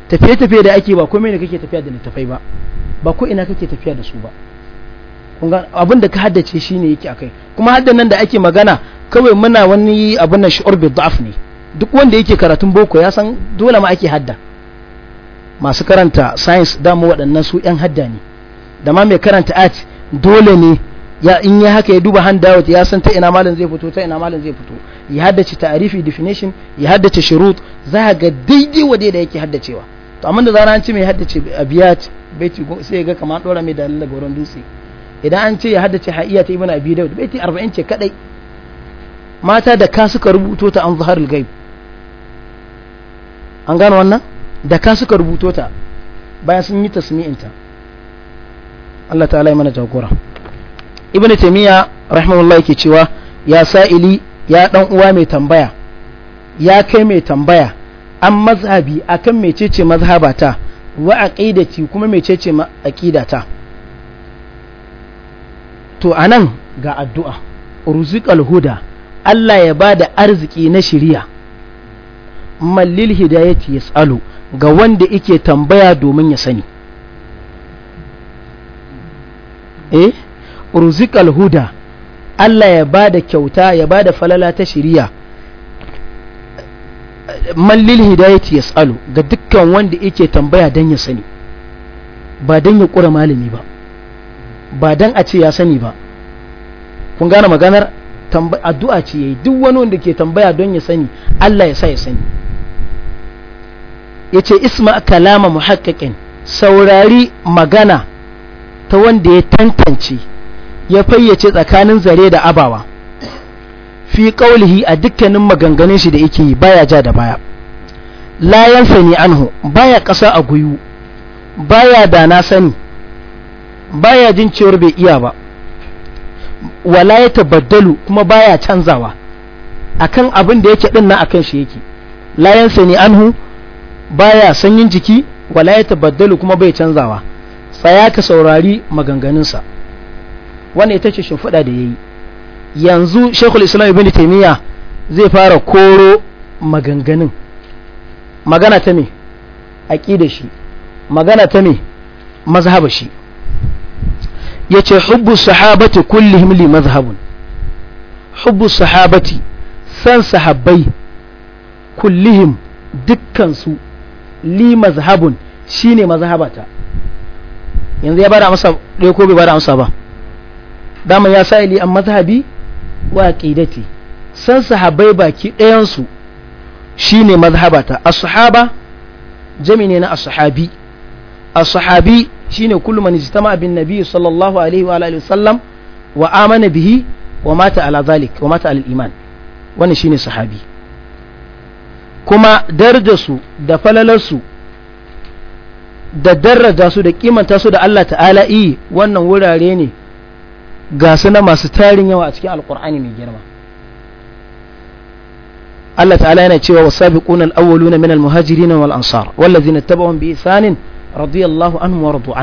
A: tafiye tafiye da ake ba ko ne kake tafiya da tafai ba ba ko ina kake tafiya da su ba kun abin da ka haddace shine yake akai kuma haddan nan da ake magana kawai muna wani abin nan shu'ur bi da'af ne duk wanda yake karatun boko ya san dole ma ake hadda masu karanta science mu waɗannan su 'yan hadda ne da ma mai karanta art dole ne ya in ya haka ya duba out ya san ta ina malam zai fito ta ina malam zai fito ya haddace ta'arifi definition ya haddace shurut za ga daidai wa da yake haddacewa to amma da zara an ce mai haddace abiyat baiti sai ya ga kamar dora mai dalil daga wurin dutse idan an ce ya haddace ha'iya ta ibn abi daud baiti 40 ce kadai mata da ka suka rubuto ta an zaharul gaib an gano wannan da ka suka rubuto ta bayan sun yi tasmi'inta Allah ta'ala ya mana jagora ibn taymiya rahimahullah ke cewa ya sa'ili ya dan uwa mai tambaya ya kai mai tambaya an mazhabi akan mecece mazhabata wa aqidati kuma mecece aqidata to anan ga addu'a ruziqal huda Allah ya bada arziki na shiriya mallil hidayati yasalu ga wanda yake tambaya domin ya sani eh ruzikal huda Allah ya ba da kyauta ya ba da falala ta shiriya mallil hidayati ya tsalo ga dukkan wanda yake tambaya don ya sani ba don ya ƙura malami ba ba don a ce ya sani ba kun gane maganar addu'a ce ya yi duk wani wanda ke tambaya don ya sani Allah ya sa ya sani ya ce isma kalama muhakkakin saurari magana ta wanda ya tantance ya fayyace tsakanin zare da abawa fi ƙaulihi a dukkanin maganganun shi da yake yi baya ja da baya la yansani anhu baya ƙasa a guyu baya da na sani baya jin cewar bai iya ba wala ya tabaddalu kuma baya canzawa akan abin da yake din na akan shi yake la yansani anhu baya sanyin jiki wala ya tabaddalu kuma bai canzawa tsaya ka saurari maganganunsa wannan ita ce shimfiɗa da ya yi yanzu shekul islam ibn taimiyya zai fara koro maganganun magana ta me da shi magana ta me mazhaba shi ya ce hubbu sahabati kulli himli mazhabun hubbu sahabati san sahabbai kullihim dukkansu li mazhabun shine mazhabata yanzu ya bada amsa ɗaya ko bai bada amsa ba dama ya sa ili an mazhabi wa aqidati san sahabbai baki ɗayan su shine mazhabata as-sahaba jami ne na as-sahabi as-sahabi shine kullu man ijtama bin nabi sallallahu alaihi wa alihi wasallam wa amana bihi wa mata ala zalik wa mata ala iman wannan shine sahabi kuma darajarsu da falalarsu da daraja su da kimanta su da Allah ta'ala yi eh, wannan wurare ne ga su na masu tarin yawa a cikin alkur'ani mai girma Allah ta'ala yana cewa wasabiquna al-awwaluna min al-muhajirin wal ansar wallazina tabawun bi ihsanin radiyallahu anhu wa radu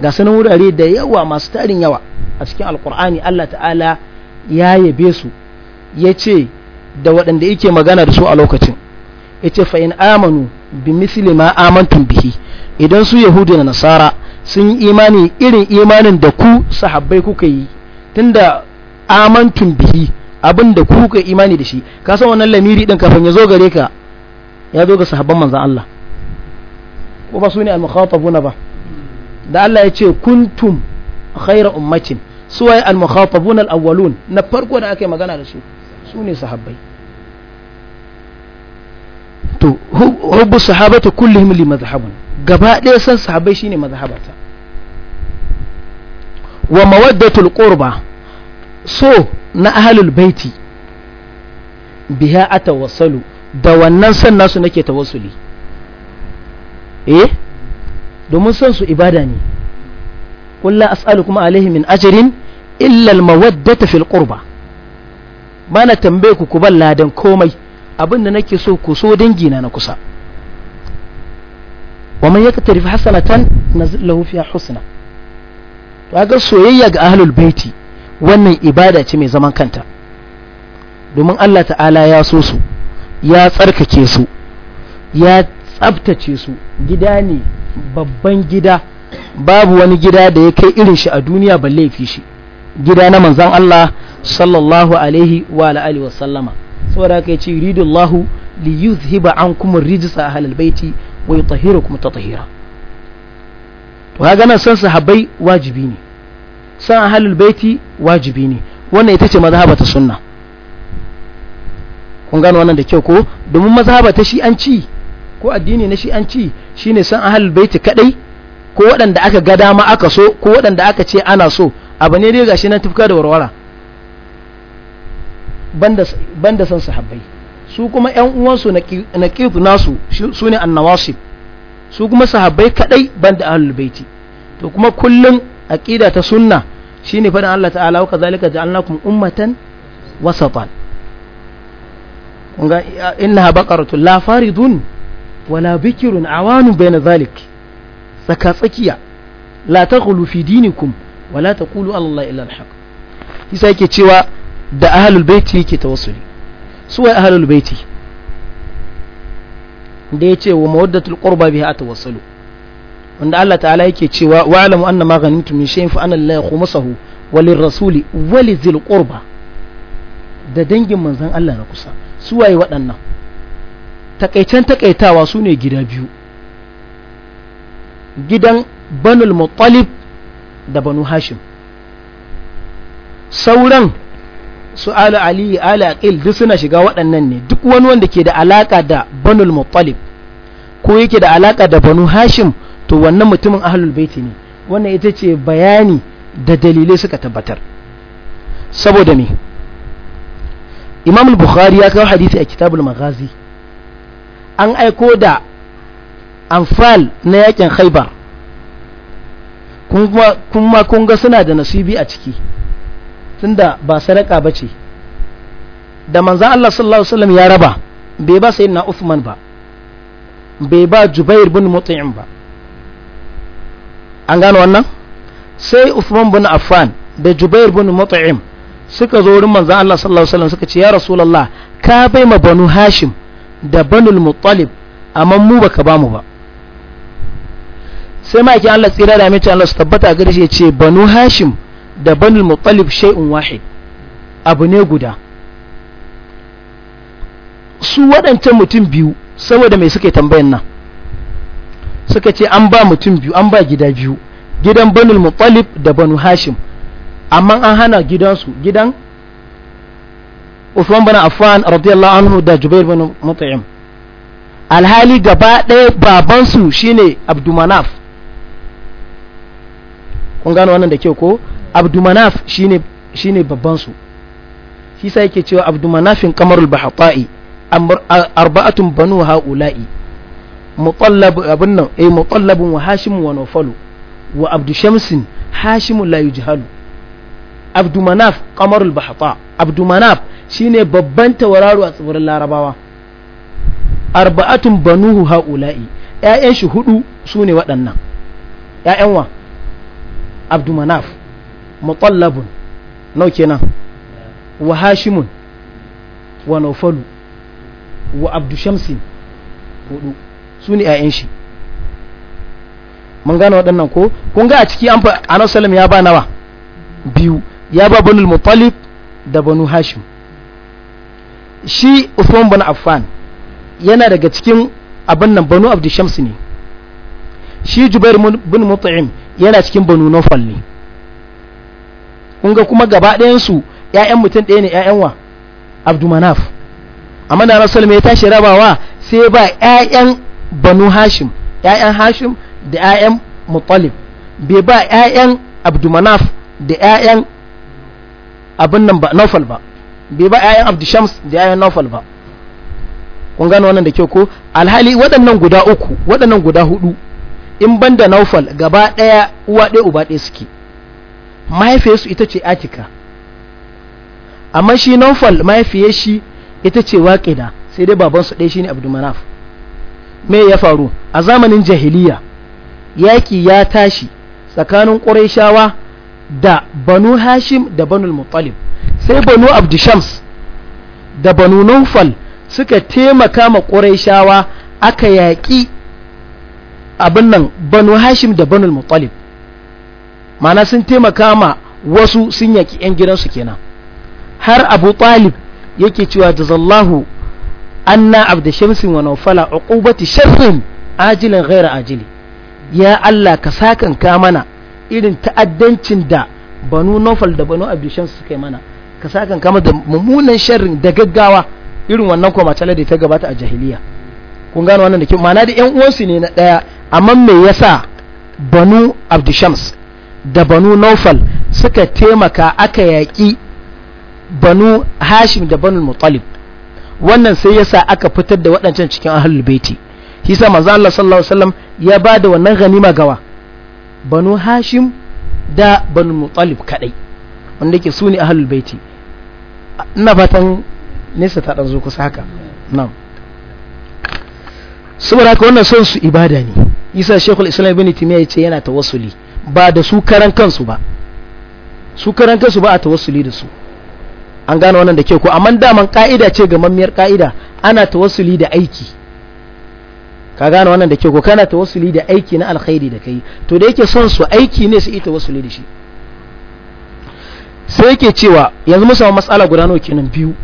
A: ga su wurare da yawa masu tarin yawa a cikin alkur'ani Allah ta'ala ya yabe su ya ce da waɗanda yake magana da su a lokacin ya ce fa in amanu bi misli ma amantum bihi idan su yahudu da nasara sun yi imani irin imanin da ku sahabbai kuka yi tunda amantun bihi abin da ku kuka imani da shi ka san wannan lamiri din kafin ya zo gare ka ya zo ga sahabban manzon Allah ko ba su ne al-mukhatabuna ba da Allah ya ce kuntum khayra ummatin suwaye al-mukhatabuna al-awwalun na farko da aka yi magana da su su ne sahabbai to hubbu sahabatu kullihim li madhhabun gaba ɗaya san sahabbai shine madhhabata wa mawaddatul qurba so na ahlul baiti biha atawassalu da wannan san nasu nake tawassuli eh domin san su ibada ne qul la as'alukum alaihi min ajrin illa al mawaddata fil qurba bana tambaye ku ku ban ladan komai abinda nake so ku so dangi na na kusa wa man yaktarif hasanatan nazil fiha husna kaga soyayya ga ahlul baiti wannan ibada ce mai zaman kanta domin Allah ta'ala ya so su ya tsarkake su ya tsabtace su gida ne babban gida babu wani gida da ya kai irin shi a duniya ba laifi shi gida na manzan Allah sallallahu alaihi wa alihi wa sallama saboda yi ce yuridullahu li yuzhiba wai rijsa ahlal baiti wa ta tatheera to kaga nan san sahabbai wajibi ne san ahalul baiti wajibi ne wannan ita ce mazhaba ta sunna kun gano wannan da kyau ko domin mazhaba ta ci ko addini na shi an shi shine san ahalul baiti kadai ko waɗanda aka ga dama aka so ko waɗanda aka ce ana so abu ne dai gashi na tufka da warwara banda san sahabbai su kuma ƴan uwansu na kifu nasu su ne annawasib su kuma sahabbai kadai banda ahlul baiti to kuma kullum aqida ta sunna shine faɗin Allah ta'ala wa kazalika ja'alnakum ummatan wasatan kunga innaha baqaratun la faridun wala bikirun awanu bayna zalik saka tsakiya la taghlu fi dinikum wala taqulu Allah illa al-haq isa yake cewa da ahlul baiti yake tawassuli su wai ahlul baiti da yace wa mawaddatul qurba biha atawassalu wanda Allah ta'ala yake cewa alamu anna ma ghanimtum min shay'in fa anna lillahi khumsahu wa lirrasuli wa lizil qurba da dangin manzon Allah na kusa su waye waɗannan takaicen takaitawa su ne gida biyu gidan banul muttalib da banu hashim sauran su ala ali ala aqil duk suna shiga waɗannan ne duk wani wanda ke da alaka da banul muttalib ko yake da alaka da banu hashim to wannan mutumin ahlul baiti ne wannan ita ce bayani da dalilai suka tabbatar saboda me imam bukhari ya kawo hadisi a kitabul magazi an aiko da amfal na yakin khaibar kuma kun ga suna da nasibi a ciki tunda ba sadaka ba ce da manzan Allah sallallahu Alaihi ya raba bai ba sayi na Uthman ba bai ba Jubair bin Mut'im ba an gano wannan sai Uthman bin Affan da Jubair bin Mut'im suka zo wurin manzon Allah sallallahu alaihi wasallam suka ce ya Rasulullah ka bai ma Banu Hashim da Banu Muttalib amma mu baka ba mu ba sai ma'aikin Allah tsira da mai Allah su tabbata ga shi yace ce Banu Hashim da Banu Muttalib shay'un wahid abu ne guda su waɗancan mutum biyu saboda mai suke tambayan nan suka ce an ba mutum biyu an ba gida biyu gidan banul muttalib da banu hashim amma an hana gidansu gidan Uthman bin Affan radiyallahu anhu da Jubair bin Mut'im alhali gaba ɗaya su shine Abdumanaf kun gano wannan da kyau ko Abdumanaf shine shine babansu shi sai yake cewa Abdumanafin kamarul bahata'i arba'atun banu haula'i mutallab abin nan eh mutallabun wa hashim wa nufalu wa abdu shamsin hashim la yujhalu abdu manaf qamarul bahata abdu manaf shine babban tauraro a tsibirin larabawa arba'atun banuhu haula'i ƴaƴan shi hudu sune waɗannan ya'yan wa abdu manaf mutallabun nau kenan wa hashimun wa nufalu wa abdu shamsin hudu su ne 'ya'yan shi mun gane waɗannan ko kun ga a ciki an fa salam ya ba nawa biyu ya ba banul mutalib da banu hashim shi usman bin affan yana daga cikin abin nan banu abdi shams ne shi jubair bin mut'im yana cikin banu nufal ne kun ga kuma gaba ɗayan su ƴaƴan mutum ɗaya ne ƴaƴan wa abdu manaf amma da rasul ya tashi rabawa sai ba ƴaƴan banu hashim ‘ya'yan hashim da ‘ya'yan mutalib bai ba ‘ya'yan abdumanaf da ‘ya'yan abin nan ba naufal ba bai ba ‘ya'yan abdushams da ‘ya'yan naufal ba kun gano wannan da ke ko alhali waɗannan guda uku waɗannan guda hudu in ban da naufal gaba ɗaya uwa ɗaya uba ɗaya suke mahaifiyarsu ita ce atika amma shi naufal mahaifiyar shi ita ce waƙida sai dai babansu ɗaya shi ne abdumanaf me ya faru a zamanin jahiliya yaki ya tashi tsakanin ƙurayshawa da banu hashim da banu muttalib sai banu abdishams da banu nufal suka taimaka ma ƙurayshawa aka yaƙi abin nan banu hashim da banu muttalib mana sun taimaka ma wasu sun yaƙi 'yan gidansu kenan har abu talib yake cewa jazallahu anna abda shamsin wa nawfala uqubati sharrin ajilan ghaira ajili ya Allah ka sakan ka mana irin ta'addancin da banu naufal da banu abda shams suka mana ka sakan ka da mummunan sharrin da gaggawa irin wannan kuma tale da ta gabata a jahiliya kun gano wannan da kyau ma'ana da ƴan uwansu ne na daya amma me yasa banu abda shams da banu nawfal suka taimaka aka yaƙi banu hashim da banu mutalib wannan sai yasa aka fitar da waɗancan cikin ahlul baiti shi sa manzo Allah sallallahu alaihi wasallam ya ba da wannan ganima gawa banu hashim da banu mutalib kadai wanda yake sune ahlul baiti ina fatan nesa ta dan zo kusa haka na'am saboda haka wannan son su ibada ne isa shekul islam ibn timiya yace yana tawassuli ba da su karan kansu ba su karan kansu ba a tawassuli da su an gane wannan da ke ko amma daman ka'ida ce ga mammiyar ka'ida ana tawassuli da aiki ka gane wannan da ke ko kana tawassuli da aiki na alkhairi da kai to da yake son su aiki ne su yi tawassuli da shi sai yake cewa yanzu musamman matsala guda nawa kenan biyu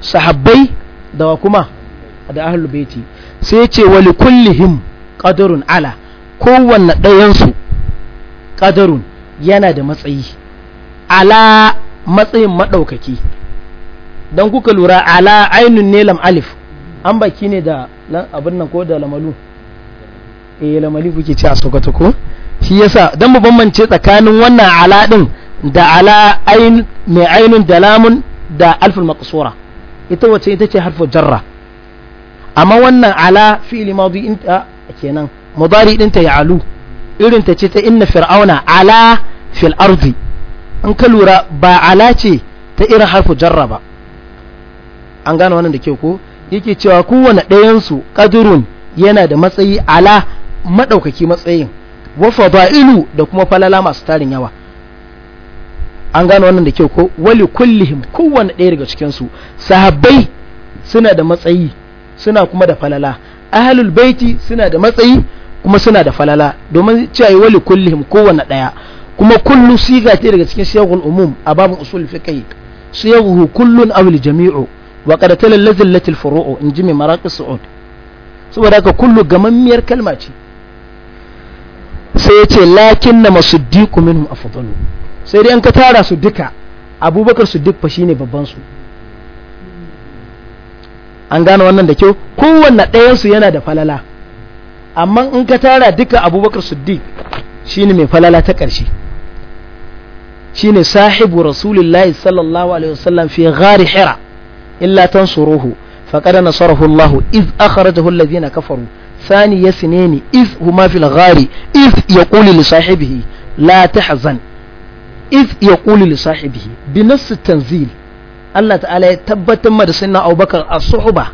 A: sahabbai da wa kuma da ahlul baiti sai ya ce wa kullihim qadarun ala kowanne ɗayan su qadarun yana da matsayi ala matsayin maɗaukaki dan kuka lura ala ainun ne lam alif an baki ne da abin nan ko da lamalu eh lamali kuke ci a sokoto ko shi yasa dan mu bambance tsakanin wannan ala din da ala ain ne ainun da da alful maqsura ita wacce ita ce harfu jarra amma wannan ala fi'li madi in kenan mudari din ta ya'alu irin ta ce ta inna fir'auna ala fil ardi an ka lura ba ala ce ta irin harfu jarra ba an gane wannan da ke ko yake cewa kowane ɗayansu ƙadurun yana da matsayi ala maɗaukaki matsayin wa fada'ilu da kuma falala masu tarin yawa an gane wannan da ke ko wali kullihim kowane ɗaya daga cikinsu sahabbai suna da matsayi suna kuma da falala ahlul baiti suna da matsayi kuma suna da falala domin cewa wali kullihim kowane ɗaya kuma kullu siga ce daga cikin siyagul umum a babin usul fiqh siyaguhu kullun aw jami'u wa qad talalla zillatil furu'u in ji mai maraƙi su'ud saboda ka kullu gamammiyar kalma ce sai ya ce lakin na min a afdalu sai dai an ka tara su duka abubakar siddiq fa shine babban su an gane wannan da kyau kowanne ɗayan su yana da falala amma in ka tara duka abubakar shi ne mai falala ta ƙarshe Shi ne sahibu rasulullahi sallallahu alaihi wasallam fi ghari hira illa tansuruhu faqad nasarahu Allah iz akhrajahu alladhina kafaru thani yasnini iz huma fil ghari iz yaqulu li sahibihi la tahzan iz yaqulu li sahibihi bi nas tanzil Allah ta'ala ya tabbatar da sunna Abubakar as-suhba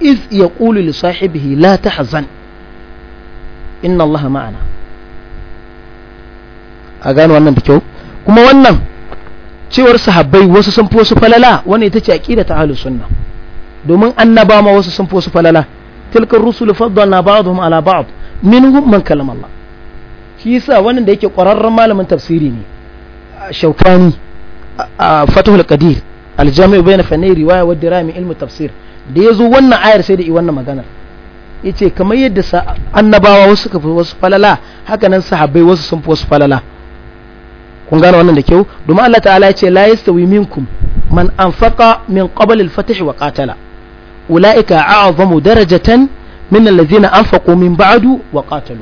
A: iz yaqulu li sahibihi la tahzan inna Allah ma'ana a gane wannan da kyau cewar sahabbai wasu sun fi wasu falala wani ita ce aqida ta ahlus sunna domin annaba ma wasu sun fi wasu falala tilkar rusul faddalna ba'dhum ala ba'd minhum man kalama Allah shi yasa wannan da yake ƙwararren malamin tafsiri ne shaukani a fatahul qadir aljami'u bayna fanni riwaya wa dirami ilmu tafsir da yazo wannan ayar sai da i wannan maganar yace kamar yadda annabawa wasu suka wasu falala haka nan sahabbai wasu sun fi wasu falala kun gane wannan da kyau domin Allah ta'ala ya ce la yastawi minkum man anfaqa min qabl al-fath wa qatala ulaika a'zamu darajatan min allazina anfaqu min ba'du wa qatalu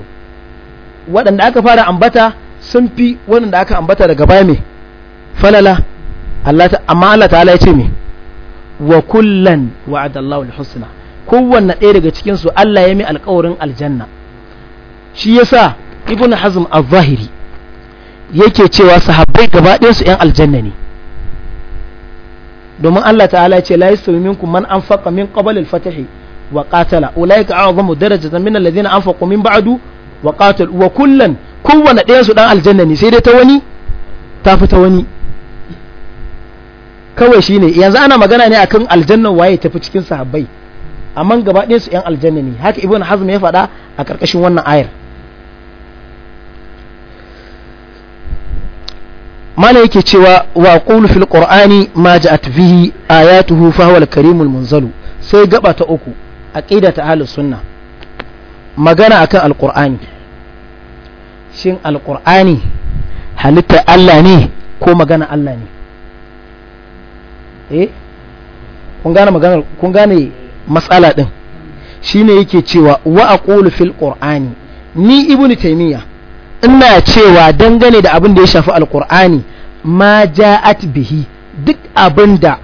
A: waɗanda aka fara ambata sun fi waɗanda aka ambata daga baya me falala amma Allah ta'ala ya ce me wa kullan Allahu al-husna kowanne ɗaya daga cikin su Allah ya mai alƙawarin aljanna shi yasa ibnu hazm az-zahiri yake cewa sahabbai gaba ɗaya su 'yan aljanna ne domin Allah ta'ala ce la yastawi minkum man anfaqa min qabl al-fath wa qatala ulaika a'zamu darajatan min alladhina anfaqu min ba'du wa qatal wa kullan kowanne ɗayan su dan aljanna ne sai dai ta wani ta fi ta wani kawai shine yanzu ana magana ne akan aljanna waye tafi cikin sahabbai amma gaba ɗayan su 'yan aljanna ne haka ibnu hazm ya faɗa a ƙarƙashin wannan ayar mana yake cewa wa qulu fil qur'ani ma ja'at fihi ayatuhu fa huwa al-karimul munzalu sai gaba ta uku aqida ta ahlus sunna magana akan al-qur'ani shin al-qur'ani halitta Allah ne ko magana Allah ne eh kun gane magana kun gane matsala din shine yake cewa wa aqulu fil qur'ani ni ibnu taymiyyah ina cewa dangane da abin da ya shafi alkur'ani ma ja'at bihi duk abin da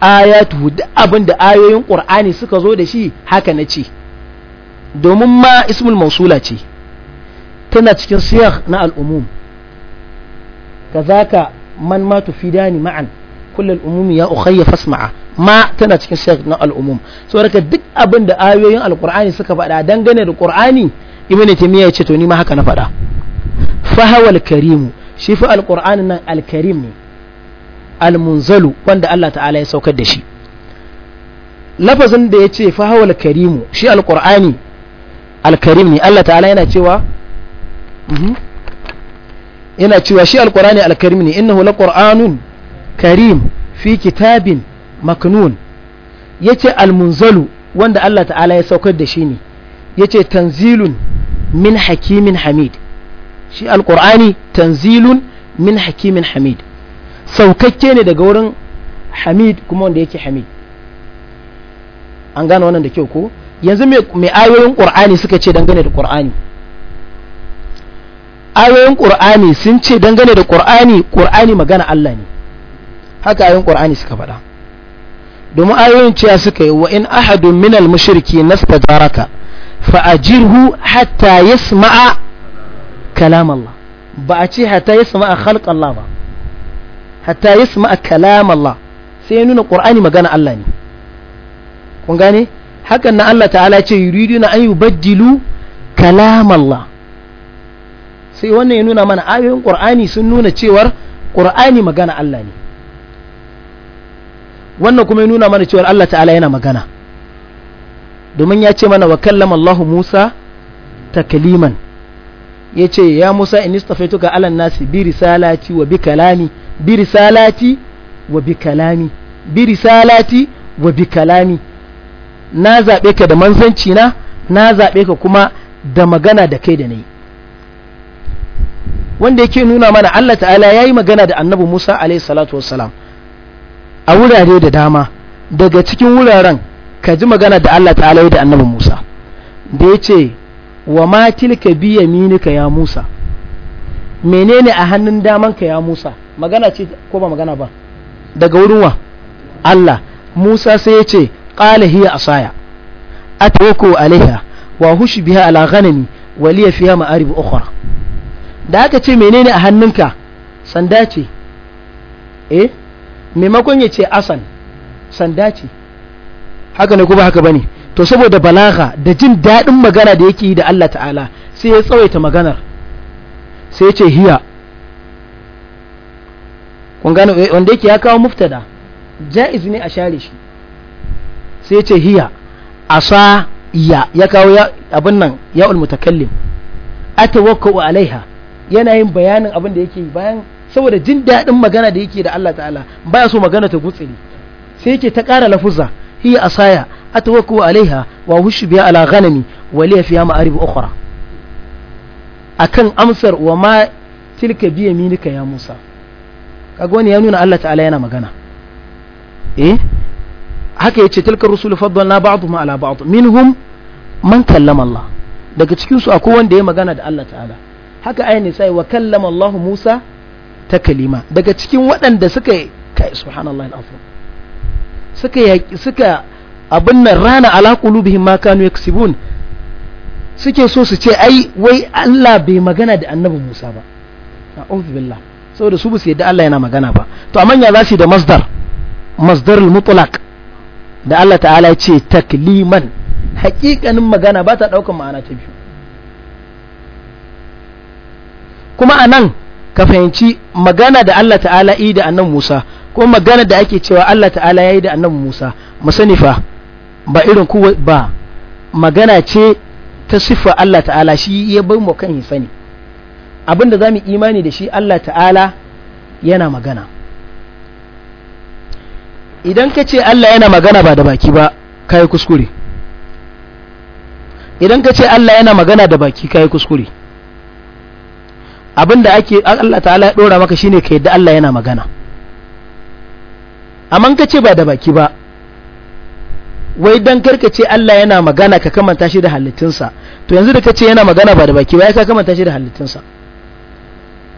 A: ayatu duk abin da ayoyin qur'ani suka zo da shi haka na ce domin ma ismul mausula ce tana cikin siyar na al'umum kazaka man ma tufidani ma'an kullal umumi ya ukhayya fasma'a ma tana cikin siyar na al'umum saboda duk abin da ayoyin alqur'ani suka faɗa dangane da qur'ani ibnu taymiya ya ce to ni ma haka na faɗa fahawal karimu shi fa alqur'anin nan alkarim ne almunzalu wanda Allah ta'ala ya saukar da shi lafazin da ya ce fahawal karimu shi alqur'ani alkarim ne Allah ta'ala yana cewa yana cewa shi alqur'ani alkarim ne innahu laqur'anun karim fi kitabin maknun yace almunzalu wanda Allah ta'ala ya saukar da shi ne yace tanzilun min hakimin hamid shi alkur'ani tanzilun min hakimin hamid saukakke ne daga wurin hamid kuma wanda yake hamid an gane wannan da kyau ko yanzu mai ayoyin ƙur'ani suka ce dangane da ƙur'ani ayoyin ƙur'ani sun ce dangane da ƙur'ani ƙur'ani magana Allah ne haka ayoyin ƙur'ani suka faɗa domin ayoyin cewa suka yi wa in ahadun minal mashirki nastajaraka fa ajirhu hatta yasma'a kalam Allah ba a ce hatta ya sama a khalq Allah ba hatta ya a kalam Allah sai ya nuna Qur'ani magana Allah ne kun hakan na Allah ta'ala ce yuriduna an yubaddilu Allah sai wannan ya nuna mana ayoyin Qur'ani sun nuna cewar Qur'ani magana Allah ne wannan kuma ya nuna mana cewar Allah ta'ala yana magana domin ya ce mana wa kallama Allah Musa takliman ya ce ya musa in tuka alan nasi bi risalati wa bi kalami bi risalati wa bi kalami bi risalati wa bi kalami na zaɓe ka da manzanci na na zaɓe ka kuma da magana da kai da nayi wanda yake nuna mana Allah ta'ala ya magana da annabi Musa alaihi salatu wassalam a wurare da dama daga cikin wuraren ka ji magana da Allah ta'ala da annabi Musa da yace wa ma tilka bi yaminika ya Musa menene a hannun damanka ya Musa magana ce ko ba magana ba daga wurin wa Allah Musa sai ya ce qala hiya asaya atawaku alaiha wa hushi biha ala ghanami wa liya fiha ma'arib ukhra da aka ce menene a hannunka sanda ce eh maimakon ya ce asan sanda ce haka ne ko ba haka bane to saboda balaga da jin daɗin magana da yake yi da Allah ta'ala sai ya tsawaita maganar sai ya ce hiya kun gano eh, wanda yake ya kawo muftada ja'iz ne a share shi sai ya ce hiya asa ya ya kawo abin nan ya ulmutakallim atawakkau alaiha yana yin bayanin abin da yake bayan saboda jin daɗin magana da yake da Allah ta'ala baya so magana ta gutsiri sai yake ta ƙara lafuza hiya asaya alaiha wa hushu ala أتوكو عليها وأهش بها على ukhra akan amsar wa ma tilka أمسر وما ya Musa kaga wani ya nuna Allah ta'ala yana magana eh haka yace tilka rusul faddalna ba'dhum ala ba'd minhum man kallama Allah daga cikin su akwai wanda ya magana da Allah ta'ala haka ayin sai wa kallama Allah Musa takalima daga cikin waɗanda suka kai subhanallahi alazim suka suka abin nan rana ala qulubihim ma kanu suke so su ce ai wai Allah bai magana da annabi Musa ba a a'udhu billah saboda su su yadda Allah yana magana ba to amma ya zashi da masdar masdar mutlaq da Allah ta'ala ce takliman hakikanin magana ba ta daukan ma'ana ta biyu kuma anan ka fahimci magana da Allah ta'ala yi da annabi Musa ko magana da ake cewa Allah ta'ala yayi da annabi Musa musanifa ba irin ku ba magana ce ta siffa Allah ta'ala shi ya bai mu kan sani abinda za mu imani da shi Allah ta'ala yana magana idan ka ce Allah yana magana ba da baki ba kai kuskure idan ka ce Allah yana magana da baki kai kuskure abinda ake Allah ta'ala ya dora maka shine ka yadda Allah yana magana amma ka ce ba da baki ba wai dan karka ce Allah yana magana ka kamanta shi da halittunsa to yanzu da kace yana magana ba da baki wai ka kamanta shi da halittunsa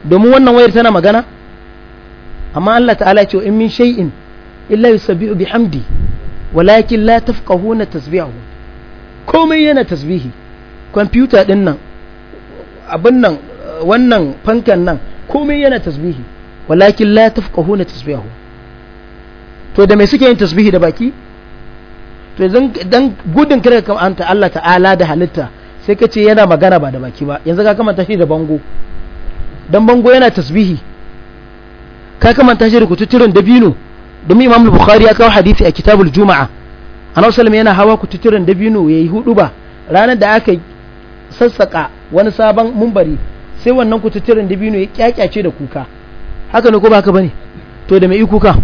A: domin wannan wayar tana magana amma Allah ta'ala ce in min shay'in illa yusabbihu bihamdi walakin la tafqahuna tasbihahu komai yana tasbihi computer din nan abin nan wannan fankan nan komai yana tasbihi walakin la tafqahuna tasbihahu to da me suke yin tasbihi da baki to dan gudun kira ka anta Allah ta'ala da halitta sai ka ce yana magana ba da baki ba yanzu ka kamanta shi da bango dan bango yana tasbihi ka kamanta shi da kututturen dabino domin imam bukhari ya kawo hadisi a kitabul juma'a annabi sallam yana hawa kututturen dabino yayi hudu ba ranar da aka sassaka wani sabon mumbari sai wannan kututturen dabino ya kyakyace da kuka haka ne ko ba haka bane to da mai kuka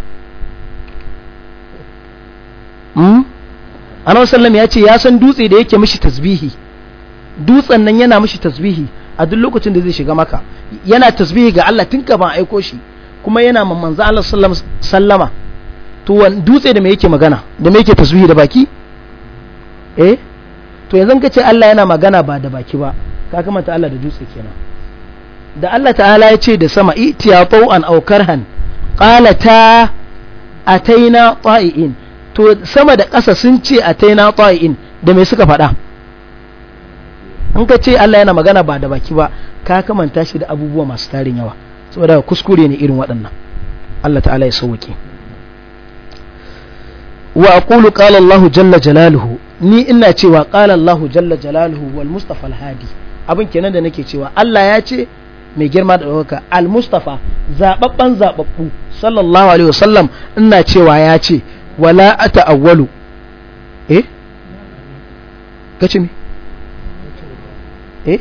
A: mm? annabi sallam ya ce ya san dutse da yake mishi tasbihi dutsen nan yana mishi tasbihi a duk lokacin da zai shiga maka yana tasbihi ga Allah tun kafin aiko shi kuma yana ma manzo Allah sallama to dutse da me yake magana da me yake tasbihi da baki eh to yanzu ka ce Allah yana magana ba da baki ba ka kamata Allah da dutse kenan da Allah ta'ala ya ce da sama itiya an aukar han ƙala ta ataina ta'i'in to sama da ƙasa sun ce a taina ta'in da mai suka faɗa in ka ce Allah yana magana ba da baki ba ka kamanta shi da abubuwa masu tarin yawa saboda kuskure ne irin waɗannan Allah ta'ala ya sauke wa aqulu qala Allah jalla jalaluhu ni ina cewa qala Allah jalla jalaluhu wal mustafa al hadi abin kenan da nake cewa Allah ya ce mai girma da ɗaukaka al mustafa zababban zababbu sallallahu alaihi wasallam ina cewa ya ce wala ata'awwalu eh kace me eh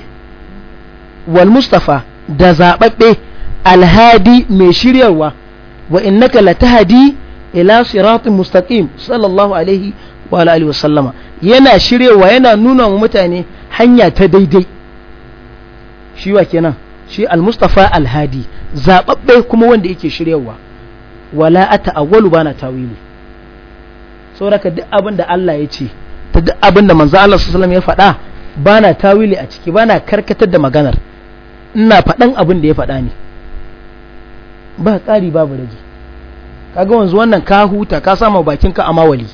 A: wal mustafa da zababbe alhadi mai shiryarwa wa innaka latahdi ila siratin mustaqim sallallahu alaihi wa alihi wasallama yana shiryarwa yana nuna wa mutane hanya ta daidai shi wa kenan shi al-mustafa zababbe kuma wanda yake shiryarwa wala ata'awwalu bana tawili sauraka duk abin da Allah ya ce ta duk abin da manzo Allah sallallahu ya faɗa bana tawili a ciki bana karkatar da maganar ina faɗan abin da ya faɗa ne ba ƙari babu rage kaga wanzu wannan ka huta ka sama bakin ka amawali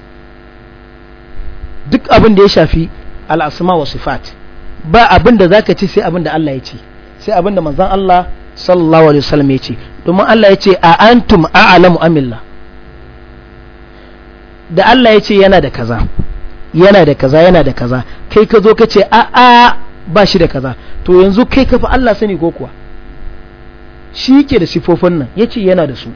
A: duk abin da ya shafi al'asma wa sifat ba abin da zaka ce sai abin da Allah ya ce sai abin da manzon Allah sallallahu alaihi wasallam ya ce domin Allah ya ce a antum a'lamu amillah da Allah ya ce yana da kaza yana da kaza yana da kaza kai ka zo ka ce a a ba shi da kaza to yanzu kai ka fa Allah sani ko kuwa shi ke da sifofin nan ya ce yana da su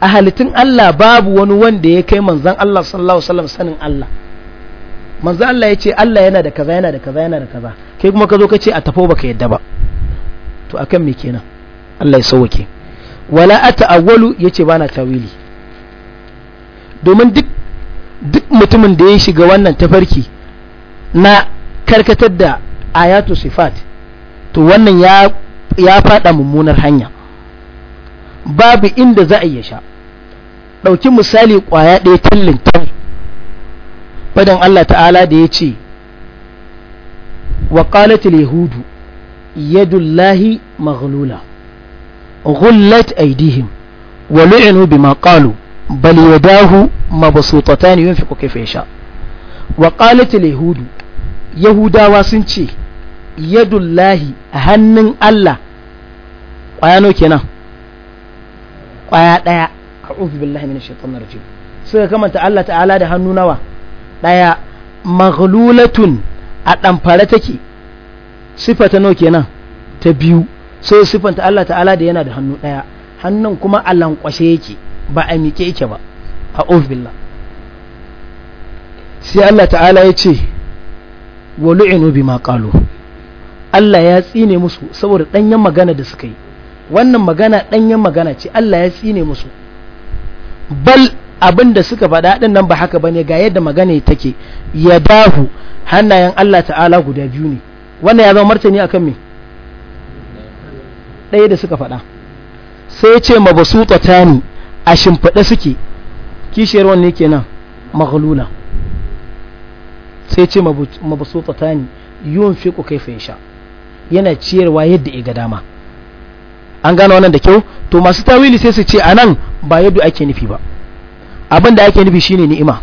A: a halittun Allah babu wani wanda ya kai manzan Allah sallallahu alaihi sanin Allah manzan Allah ya ce Allah yana da kaza yana da kaza yana da kaza kai kuma ka zo ka ce a tafo baka yadda ba to akan me kenan Allah ya sauke wala ata'awwalu yace bana tawili domin duk duk mutumin da ya shiga wannan tafarki na karkatar da ayatu sifat to wannan ya ya fada mummunar hanya babu inda za a sha ɗauki misali ƙwaya ɗaya tallin tal fadan Allah ta'ala da ya ce wa qalatil yahudu yadullahi maghlula ghullat aydihim wa lu'inu bima qalu bal yadahu mabsuutatan yunfiqu kayfa yasha wa qalat al yahud yahudawa sun ce yadullahi hannun Allah kwaya no kenan kwaya daya a'udhu billahi minash shaitanir rajim suka kamanta Allah ta'ala da hannu nawa daya maghlulatun a damfare take sifata no kenan ta biyu sai sifanta Allah ta'ala da yana da hannu ɗaya, hannun kuma a lankwashe yake ba a miƙe yake ba a ofbillah sai Allah ta'ala ya ce walu'inu lu'inu bima qalu Allah ya tsine musu saboda danyen magana da suka yi wannan magana danyen magana ce Allah ya tsine musu bal abinda da suka faɗa ɗin nan ba haka bane ga yadda magana take ya dahu hannayen Allah ta'ala guda biyu ne wannan ya zama martani akan me ɗaya da suka faɗa sai ya ce tani a shimfiɗe suke kishiyar wanne kenan maghlula sai ce mabasuta ta ne fi ku kai sha yana ciyarwa yadda ya ga dama an gano wannan da kyau to masu tawili sai su ce a nan ba yadda ake nufi ba abin da ake nufi shine ni'ima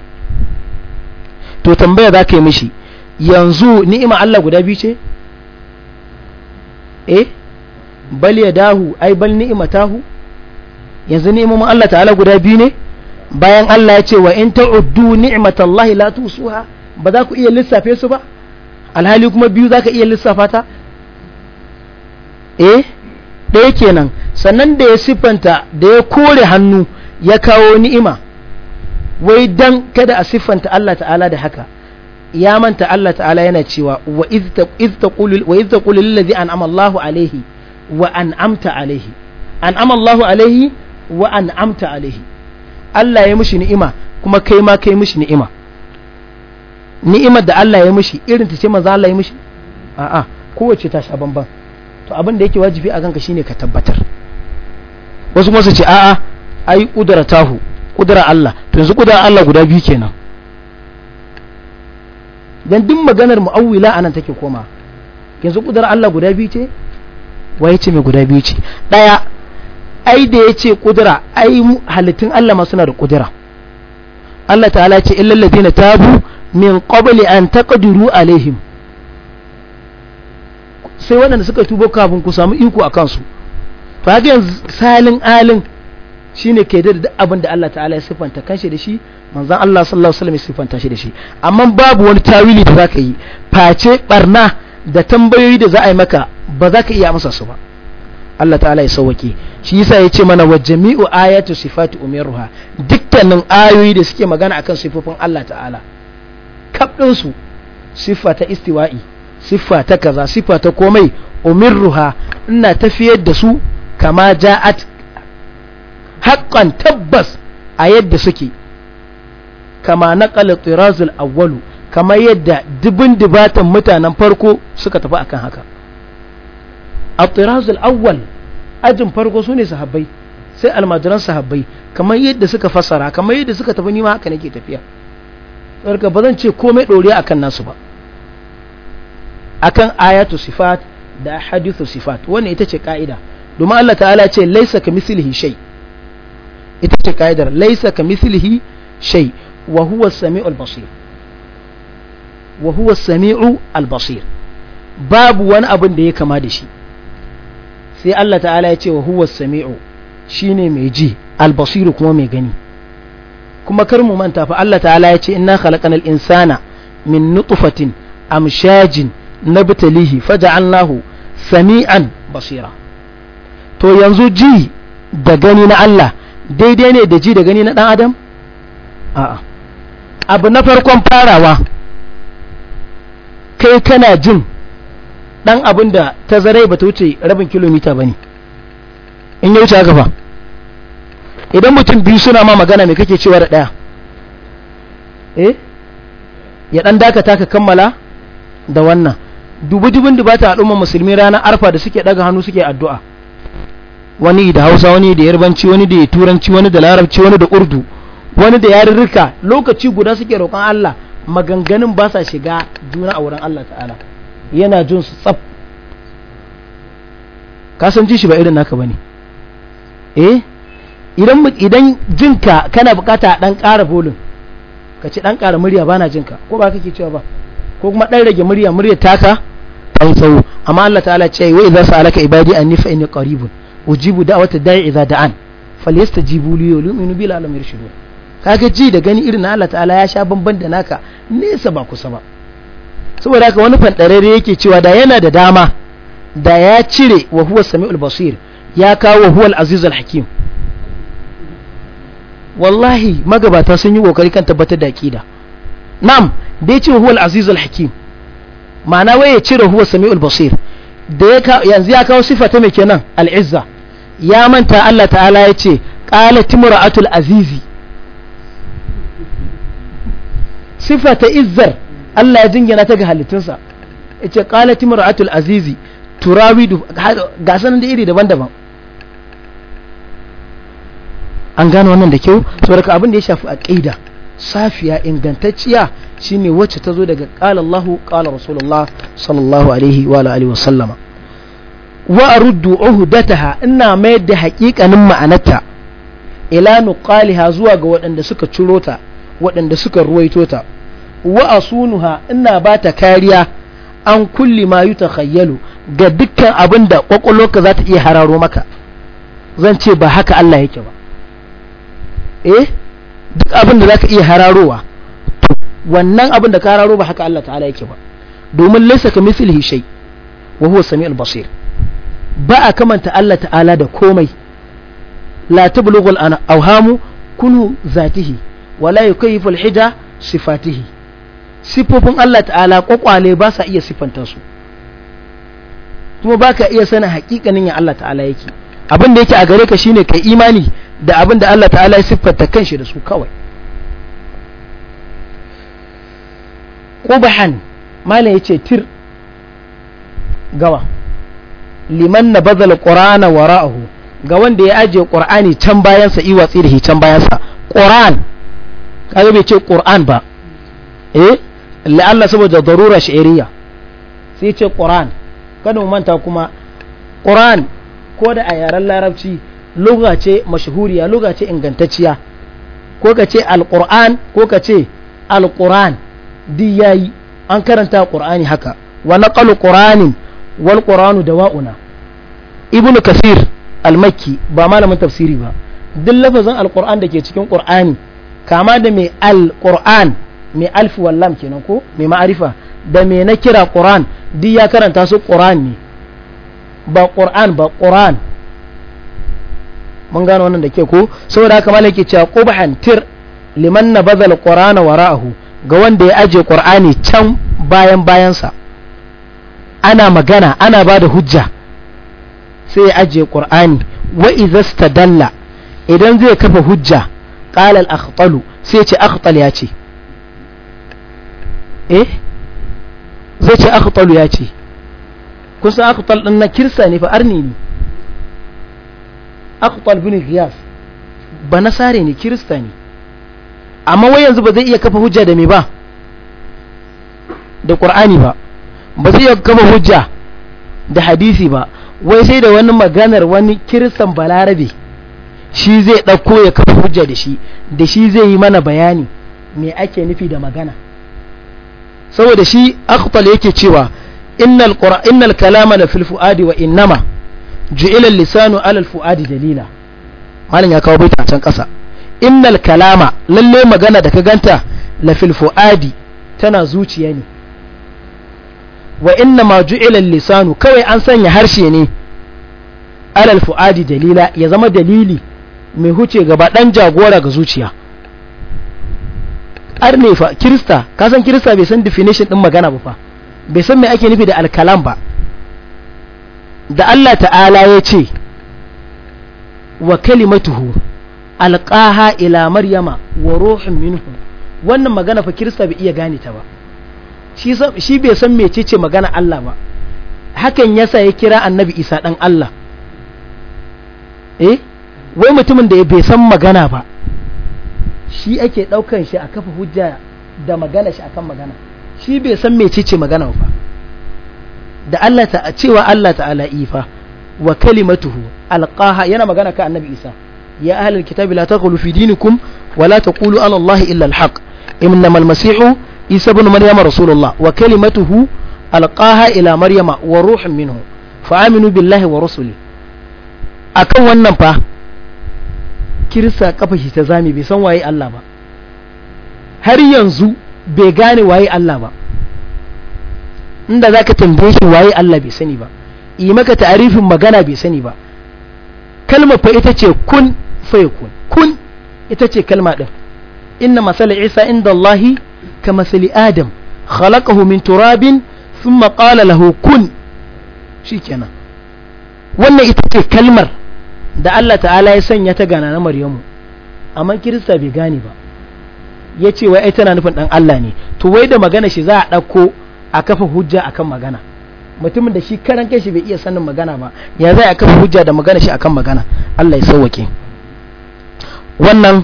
A: to tambaya za ka yi mishi yanzu ni'ima Allah guda biyu ce eh bal ya dahu ai bal ni'ima tahu yanzu ni'imomin Allah ta'ala guda biyu ne bayan Allah ya ce wa in ta'uddu ni'matallahi la tusuha ba za ku iya lissafe su ba alhali kuma biyu za ka iya lissafa ta eh ɗaya kenan sannan da ya siffanta da ya kore hannu ya kawo ni'ima wai dan kada a sifanta Allah ta'ala da haka ya manta Allah ta'ala yana cewa wa iz taqulu wa iz taqulu lillazi an'ama Allahu alayhi wa an'amta alayhi an'ama Allahu alayhi wa an amta alaihi Allah ya mishi ni'ima kuma kai ma kai mishi ni'ima ni'imar da Allah ya mishi irin ta ce manzo Allah ya mishi a'a kowace ta sha banban to abin da yake wajibi a ganka shine ka tabbatar wasu kuma su ce a'a ai kudura tahu kudura Allah to yanzu kudura Allah guda biyu kenan dan duk maganar mu'awwila anan take koma yanzu kudura Allah guda biyu ce waye ce mai guda biyu ce daya ai da ya ce kudura ai halittun Allah ma suna da kudura Allah ta'ala ce illal ladina tabu min qabli an taqdiru alaihim sai waɗanda suka tuba kafin ku samu iko a kansu to haka yanzu salin alin shine ke da abin da Allah ta'ala ya siffanta kanshi da shi manzon Allah sallallahu alaihi wasallam ya siffanta shi da shi amma babu wani tawili da zaka yi face barna da tambayoyi da za a yi maka ba za ka iya amsa su ba Allah ta'ala ya sauwake shi yasa ya ce mana wa jami'u ayatu sifati umiruha dukkanin ayoyi da suke magana akan sifofin Allah ta'ala kaɗinsu su siffa ta istiwa'i siffa ta kaza siffa ta komai umiruha ina tafiyar da su kama ja'at haqqan tabbas a yadda suke kama naqala tirazul awwalu kama yadda dubin dubatan mutanen farko suka tafi akan haka a tirazul awwal ajin farko su ne sahabbai sai almajiran sahabbai kamar yadda suka fasara kamar yadda suka tafi nima haka nake tafiya tsarka ba zan ce komai ɗoriya akan nasu ba akan ayatu sifat da hadithu sifat wannan ita ce ka'ida domin Allah ta'ala ce laisa ka mislihi shay ita ce ka'idar laisa ka mislihi shay wa huwa al basir wa huwa samiu al basir babu wani abin da ya kama da shi sai Allah ta'ala ya ce wa huwa sami'u shine mai ji albasiru kuma mai gani kuma kar mu manta fa Allah ta'ala ya ce inna khalaqanal insana min nutfatin amshajin nabtalihi faja'alnahu sami'an basira to yanzu ji da gani na Allah daidai ne da ji da gani na dan adam a'a abu na farkon farawa kai kana jin dan abin da ta zarai ba ta wuce rabin kilomita ba ne in ya wuce haka fa idan mutum biyu suna ma magana mai kake cewa da ɗaya eh ya dan dakata ka kammala da wannan dubu dubin ta al'umma musulmi ranar arfa da suke daga hannu suke addu'a wani da hausa wani da yarbanci wani da turanci wani da larabci wani da urdu wani da yarurruka lokaci guda suke roƙon allah maganganun ba sa shiga juna a wurin allah ta'ala yana jin su tsaf ka san ji shi ba irin naka bane eh idan idan jinka kana bukata dan kara bolin ka ci dan kara murya bana jinka ko ba kake cewa ba ko kuma dan rage murya murya taka dan sau amma Allah ta'ala ce wa idza sa'alaka ibadi anni fa inni qaribun ujibu da'wata da'i idza da'an falyastajibu li yu'minu bil alamin yurshidun kaga ji da gani irin Allah ta'ala ya sha bamban da naka nesa ba kusa ba saboda haka wani fantarere yake cewa da yana da dama da ya cire wa huwa sami'ul basir ya kawo huwa al-aziz al-hakim wallahi magabata sun yi kokari kan tabbatar da aqida nam da ya cire huwa al-aziz al-hakim ma'ana waye cire huwa sami'ul basir da ya yanzu ya kawo sifa ta mai kenan al ya manta Allah ta'ala ya ce qala timra'atul azizi sifa ta izzar Allah ya jingina ta ga halittunsa yace qalat imra'atul azizi turawi ga sanin da iri daban-daban an gano wannan da kyau saboda abin da ya shafi a ƙaida safiya ingantacciya shine wacce ta zo daga ƙala Allahu ƙala Rasulullah sallallahu alaihi wa alihi wa sallama wa aruddu uhdataha ina mayar da haƙiƙanin ma'anarta ilanu nuqaliha zuwa ga waɗanda suka ciro ta waɗanda suka ruwaito ta wa asunuha ina ba ta kariya an kulli ma yuta khayyalu ga dukkan abin da kwakwalwarka za ta iya hararo maka zan ce ba haka Allah yake ba eh duk abin da za ka iya hararowa wannan abin da ka hararo ba haka Allah ta'ala yake ba domin laisa ka mislihi shay wa huwa samiul basir ba a kamanta Allah ta'ala da komai la tablughu al awhamu kunu zatihi wa la yukayyifu al hija sifatihi siffofin Allah ta'ala kwakwale ba sa iya sifanta su kuma ba ka iya sanin hakikanin ya Allah ta'ala yake abin da yake a gare ka shine kai imani da abin da Allah ta'ala ya siffanta kanshi da su kawai qubahan malam yace tir gawa liman na bazal qur'ana wara'ahu ga wanda ya ajiye qur'ani can bayansa iwatsi da hi can bayansa qur'an kaga bai ce qur'an ba eh la'alla saboda darura shi'iriya sai ce Qur'an kada mu manta kuma Qur'an ko da a yaren larabci lugha ce mashahuriya lugha ce ingantacciya ko ka ce alquran ko ka ce alquran di yayi an karanta qur'ani haka wa naqalu qur'anin wal qur'anu dawa'una ibnu kasir al-makki ba malamin tafsiri ba duk lafazin alquran da ke cikin qur'ani kama da mai alquran mai alfi wallam kenan ko mai ma'arifa da mai na kira ƙoran duk ya karanta su ƙoran ne ba ƙoran ba ƙoran mun gano wannan da ke ko saboda haka malaki ke cewa ba tir liman na ƙorana wa ra'ahu ga wanda ya ajiye ƙorani can bayan bayansa ana magana ana ba da hujja sai ya ajiye ƙorani wa izasta dalla idan zai kafa hujja qala akhtalu sai ce akhtal ya ce eh zai ce akhtalu ya ce kusa akhtal na kirsa ne fa arni ne akhtal bin giyas ba nasare ne kirista ne amma wai yanzu ba zai iya kafa hujja da me ba da qur'ani ba ba zai iya kafa hujja da hadisi ba wai sai da wani maganar wani kiristan balarabe shi zai ɗauko ya kafa hujja da shi da shi zai yi mana bayani me ake nufi da magana saboda shi akhtal yake cewa innal qura innal kalama la fil fuadi wa innama ju'ila lisanu ala al fuadi dalila malin ya kawo baita can kasa innal kalama lalle magana da ka ganta la fil fuadi tana zuciya ne wa innama ma ju'ila lisanu kawai an sanya harshe ne al fuadi dalila ya zama dalili mai huce gaba dan jagora ga zuciya arne fa kirista ka san kirista bai san definition din magana ba fa bai san me ake nufi da alkalam ba da Allah ta'ala ya ce wa kalimatuhu alqaha ila maryama wa ruhun minhu wannan magana fa kirista bai iya gane ta ba shi bai san me ce magana Allah ba hakan yasa ya kira annabi isa dan Allah eh wai mutumin da bai san magana ba shi ake ɗaukan shi a kafa hujja da magana shi akan magana shi bai san mecece magana ba da Allah ta cewa Allah ta'ala ifa wa kalimatuhu alqaha yana magana ka annabi isa ya ahlul kitabi la taqulu fi dinikum wa la taqulu ala allah illa alhaq innama isa ibn maryama rasulullah wa kalimatuhu alqaha ila maryama wa ruhun minhu fa aminu billahi wa rusuli akan wannan fa kirsa kafa shi ta zame bai san waye Allah ba har yanzu bai gane waye Allah ba inda za ka tambaye shi waye Allah bai sani ba yi maka ta'arifin magana bai sani ba kalmar fa ita ce kun fa yakun kun ita ce kalma din inna masala isa inda Allahi ka masali adam khalaqahu min turabin sun maƙala lahu kun shikenan wannan ita ce kalmar da Allah ta'ala ya sanya ta gana na Maryamu amma Kirista bai gane ba ya ce wai tana nufin dan Allah ne to wai da magana shi za a ɗauko a kafa hujja akan magana mutumin da shi karan kai shi bai iya sanin magana ba ya za a kafa hujja da magana shi akan magana Allah ya sauwake wannan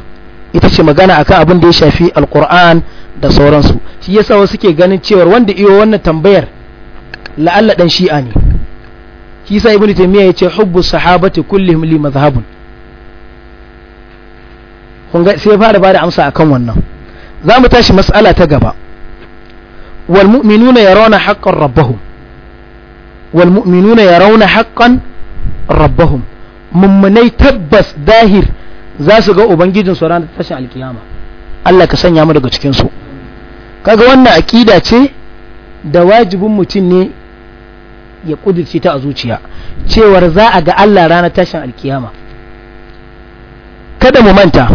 A: ita ce magana akan abin da ya shafi alkur'an da sauransu shi yasa wasu ke ganin cewa wanda iyo wannan tambayar la'alla dan shi'a ne kisa ibn taymiya yace hubbu sahabati kullihim li madhhabun kun ga sai fara bada amsa akan wannan zamu tashi mas'ala ta gaba wal mu'minuna yarawna haqqan rabbahum wal mu'minuna yarawna haqqan rabbahum mummunai tabbas dahir za su ga ubangijin su ranar tashin alkiyama Allah ka sanya mu daga cikin su kaga wannan aqida ce da wajibin mutum ne ya kudirce ta a zuciya cewar za a ga Allah ranar tashin alkiyama kada mu manta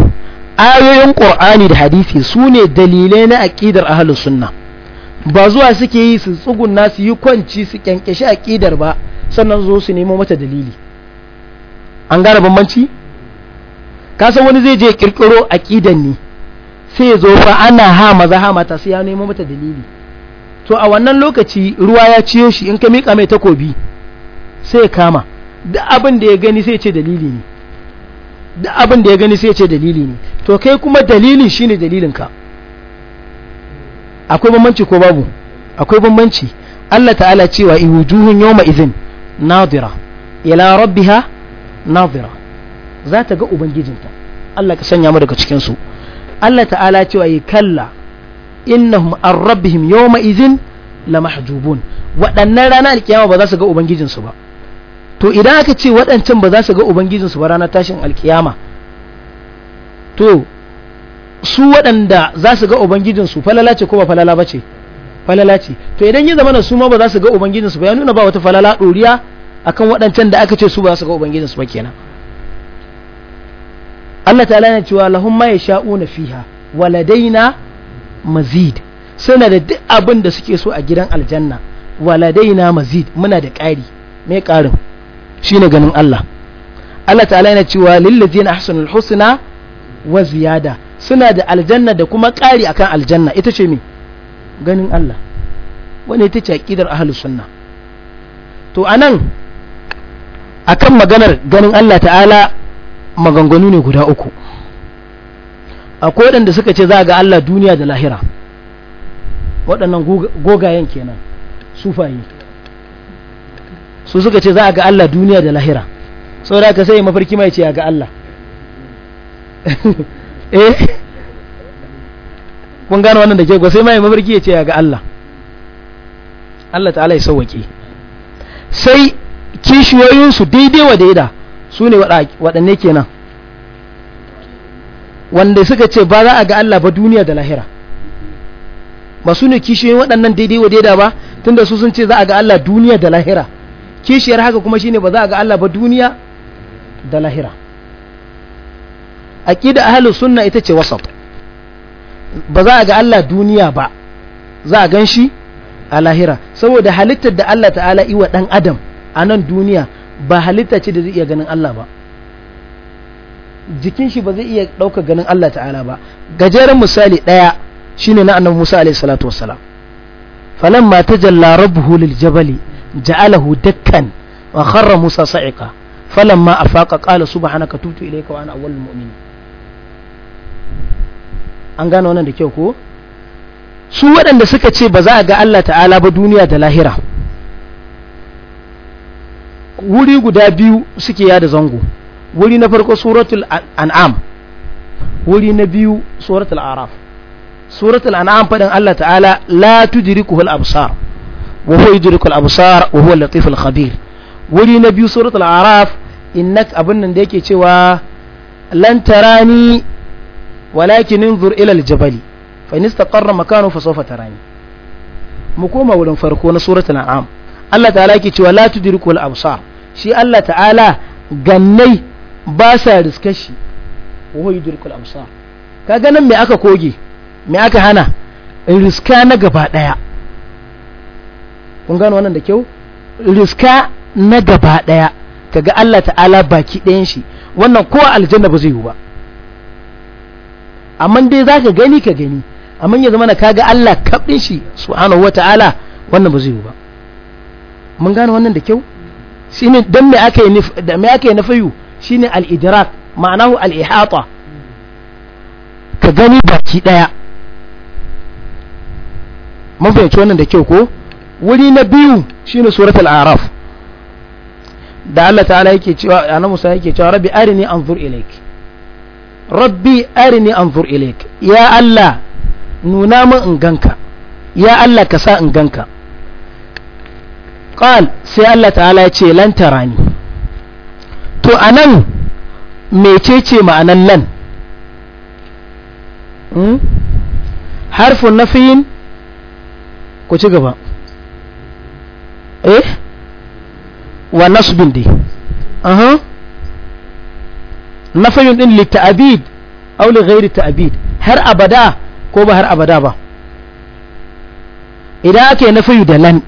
A: ayoyin qur'ani da hadisi su ne dalilai na aqidar ahlus sunna ba zuwa suke yi su tsugunna su yi kwanci su kyankyashi aqidar ba sannan zo su nemo mata dalili an gara bambanci ka san wani zai je kirkiro aqidan ne sai ya zo fa ana ha maza ha mata sai ya nemo mata dalili to a wannan lokaci ruwa ya ciyo shi in ka miƙa mai takobi sai ya kama da abin da ya gani sai ce dalili ne da abin da ya gani sai ce dalili ne to kai kuma dalili shine dalilinka akwai bambanci ko babu akwai bambanci Allah ta'ala cewa iwujuhun yawma idhin nadira ila rabbiha nadira za ta ga ubangijinta Allah ka sanya mu daga cikin su Allah ta'ala cewa yi kalla innahum an rabbihim yawma idhin lamahjubun waɗannan rana alkiyama ba za su ga ubangijinsu ba to idan aka ce waɗancan ba za su ga ubangijinsu ba ranar tashin alkiyama to su waɗanda za su ga ubangijinsu falala ce ko ba falala ba ce falala ce to idan ya zama na su ma ba za su ga ubangijinsu ba ya nuna ba wata falala ɗoriya akan waɗancan da aka ce su ba za su ga ubangijinsu ba kenan Allah ta'ala yana cewa lahum ma yasha'una fiha waladaina mazid suna da duk abin da suke so a gidan aljanna na mazid muna da ƙari mai ƙarin shine ganin Allah Allah ta'ala yana cewa lillazina ahsanul husna wa ziyada suna da aljanna da kuma ƙari akan aljanna ita ce me ganin Allah wani ita ce aqidar ahlus sunna to anan akan maganar ganin Allah ta'ala maganganu ne guda uku akwai waɗanda suka ce za ga Allah duniya da lahira waɗannan gogayen kenan sufayi su suka ce za a ga Allah duniya da lahira sau da ka sai mafarki mai ce a ga Allah [LAUGHS] eh kun gano wannan da ke sai mai mafarki ya ce a ga Allah Allah ta ya sauwaƙe sai kishiyoyinsu daidai wa daida su ne waɗanne kenan wanda suka ce ba za a ga Allah ba duniya da lahira ba su ne kishiyoyin waɗannan daidai wa daida ba tunda su sun ce za a ga Allah duniya da lahira kishiyar haka kuma shine ba za a ga Allah ba duniya da lahira aqida ahlus sunna ita ce wasat ba za a ga Allah duniya ba za a gan shi a lahira saboda halittar da Allah ta'ala iwa dan adam a nan duniya ba halitta ce da zai iya ganin Allah ba jikin shi ba zai iya ɗauka ganin Allah ta'ala ba gajeren misali ɗaya shine na annabi Musa alaihi salatu wassalam falamma tajalla rabbuhu lil jabali ja'alahu dakkan wa kharra Musa sa'iqa falamma afaqa qala subhanaka tubtu ilayka wa ana awwalul mu'minin an gane wannan da kyau ko su waɗanda suka ce ba za a ga Allah ta'ala ba duniya da lahira wuri guda biyu suke yada zango wuri na farko suratul an'am wuri na biyu suratul araf suratul an'am fadin Allah ta'ala la tudrikuhu al-absar wa huwa yudrikul absar wa huwa al-latif al-khabir wuri na biyu suratul araf innak abun nan da yake cewa lan tarani walakin inzur ila al-jabali fa in istaqarra makanu fa sawfa tarani mu koma wurin farko na suratul an'am Allah ta'ala yake cewa la tudrikul absar shi Allah ta'ala gannai ba sa riskar shi wa yudrikul amsa. Ka ganin me aka koge me aka hana riska na gaba daya kun gano wannan da kyau riska na gaba daya ga Allah ta'ala baki ɗayan shi wannan ko aljanna ba zai yi ba amma dai za ka gani ka gani amma ya zama na kaga Allah kaɗin shi wa ta'ala wannan ba zai yi ba mun gano wannan da kyau shi ne don mai me aka yi na fayu shine al ma'anahu al ka gani baki ɗaya mun fahimci wannan da kyau ko wuri na biyu shine surat al'araf da Allah ta'ala yake cewa annabi Musa yake cewa rabbi arini anzur ilaik rabbi arini anzur ilaik ya Allah nuna min in ganka ya Allah ka sa in ganka qal sai Allah ta'ala ya ce lan tarani to a nan mecece ma'anan lan hmm? harfin nafiyin ku ci gaba eh wa nasbin dai aha nafiyin din litta'abid aw li ghairi ta'abid har abada ko ba har abada ba idan ake nafiyu da lan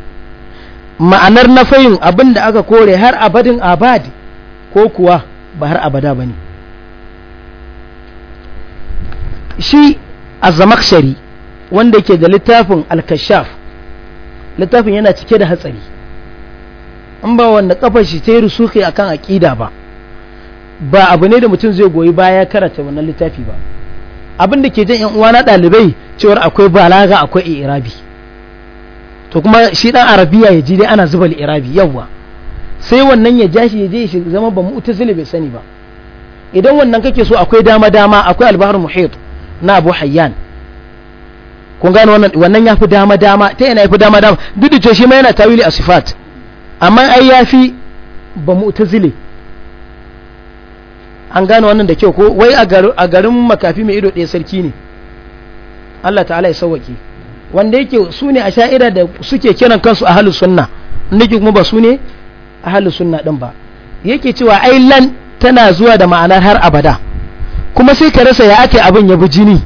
A: ma'anar nafiyin abinda aka kore har abadin abadi ko kuwa ba har abada ba ne shi azamakshari wanda ke da littafin alkashaf littafin yana cike da hatsari an ba wanda kafar shi ta yi rusuki akan aƙida ba ba abu ne da mutum zai goyi baya karata wannan littafi ba abin da ke jan yan uwa na ɗalibai cewar akwai balaga akwai irabi to kuma shi ɗan arabiya ya ji dai ana zuba irabi yawwa sai wannan ya ja shi ya je shi zama ba mu'tazili bai sani ba idan wannan kake so akwai dama dama akwai albahar muhit na abu hayyan kun gano wannan wannan yafi dama dama ta yana yafi dama dama duk da cewa shi ma yana tawili a sifat amma ai yafi ba mu'tazili an gano wannan da kyau ko wai a garin makafi mai ido ɗaya sarki ne Allah ta'ala ya sauwaki wanda yake su ne a sha'ira da suke kiran kansu a halin sunna nake kuma ba su ne ahalus sunna din ba yake cewa ai lan tana zuwa da ma'anar har abada kuma sai ka rasa ya ake abin ya bi jini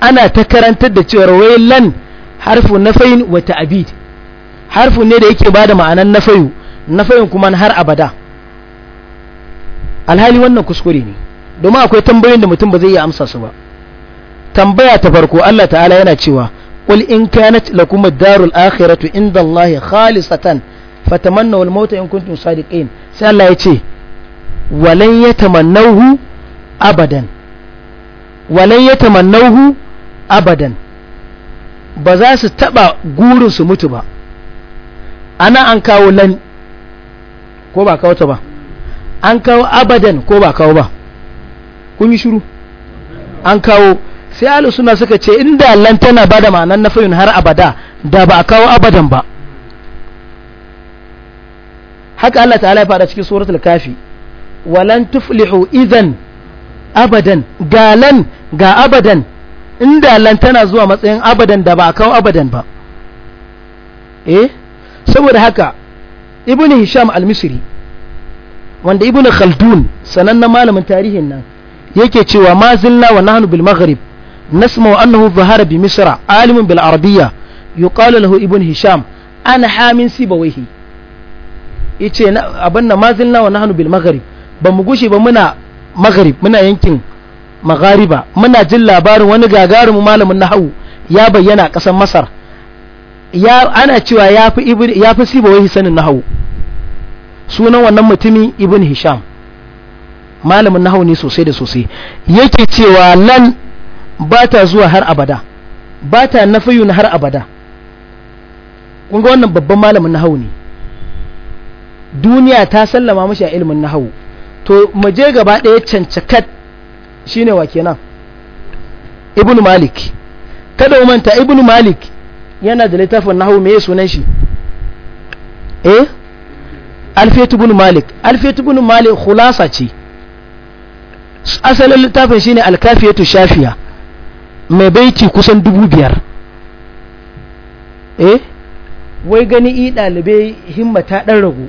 A: ana ta karantar da cewar wai lan harfu nafayin wa ta'bid harfu ne da yake bada ma'anar nafayu nafayin kuma har abada alhali wannan kuskure ne domin akwai tambayoyin da mutum ba zai iya amsa su ba tambaya ta farko Allah ta'ala yana cewa qul in kanat lakum ad-darul akhiratu inda Allah khalisatan fatamanna wal mauta in kuntum sadiqin sai Allah ya ce walan yatamannahu abadan walan yatamannahu abadan ba za su taba gurin su mutu ba ana an kawo lan ko ba kawo ta ba an kawo abadan ko ba kawo ba kun yi shiru an kawo sai alu suna suka ce inda lan tana bada ma'anan na fayun har abada da ba a kawo abadan ba haka Allah ta'ala ya faɗa cikin suratul kafi walan tuflihu idan abadan galan ga abadan inda lan tana zuwa matsayin abadan da ba kawo abadan ba eh saboda haka ibn hisham al-misri wanda ibn khaldun sanannen malamin tarihin nan yake cewa ma zilna wa nahnu bil maghrib nasma annahu zahara bi misra alimun bil arabiyya yuqalu lahu ibn hisham an hamin sibawaihi yace abin na mazilna wa nahnu bil maghrib ba mu gushe ba muna maghrib muna yankin maghariba muna jin labarin wani gagarumin malamin nahawu ya bayyana kasan masar ya ana cewa yafi fi ibn ya fi sibawai sanin nahawu sunan wannan mutumi ibn hisham malamin nahawu ne sosai da sosai yake cewa lan ba ta zuwa har abada ba ta nafiyu har abada kun ga wannan babban malamin nahawu ne duniya ta sallama mashi a ilimin nahawu to mu je gaba ɗaya cancakat shine wa kenan Ibn malik kada umanta manta malik yana da littafin nahawu mai sunan shi eh alfiyatu ibn malik alfiyatu ibn malik khulasa ce asalin littafin shine alkafiyatu shafiya mai baiti kusan dubu biyar eh wai gani i ɗalibai himmata ɗan ragu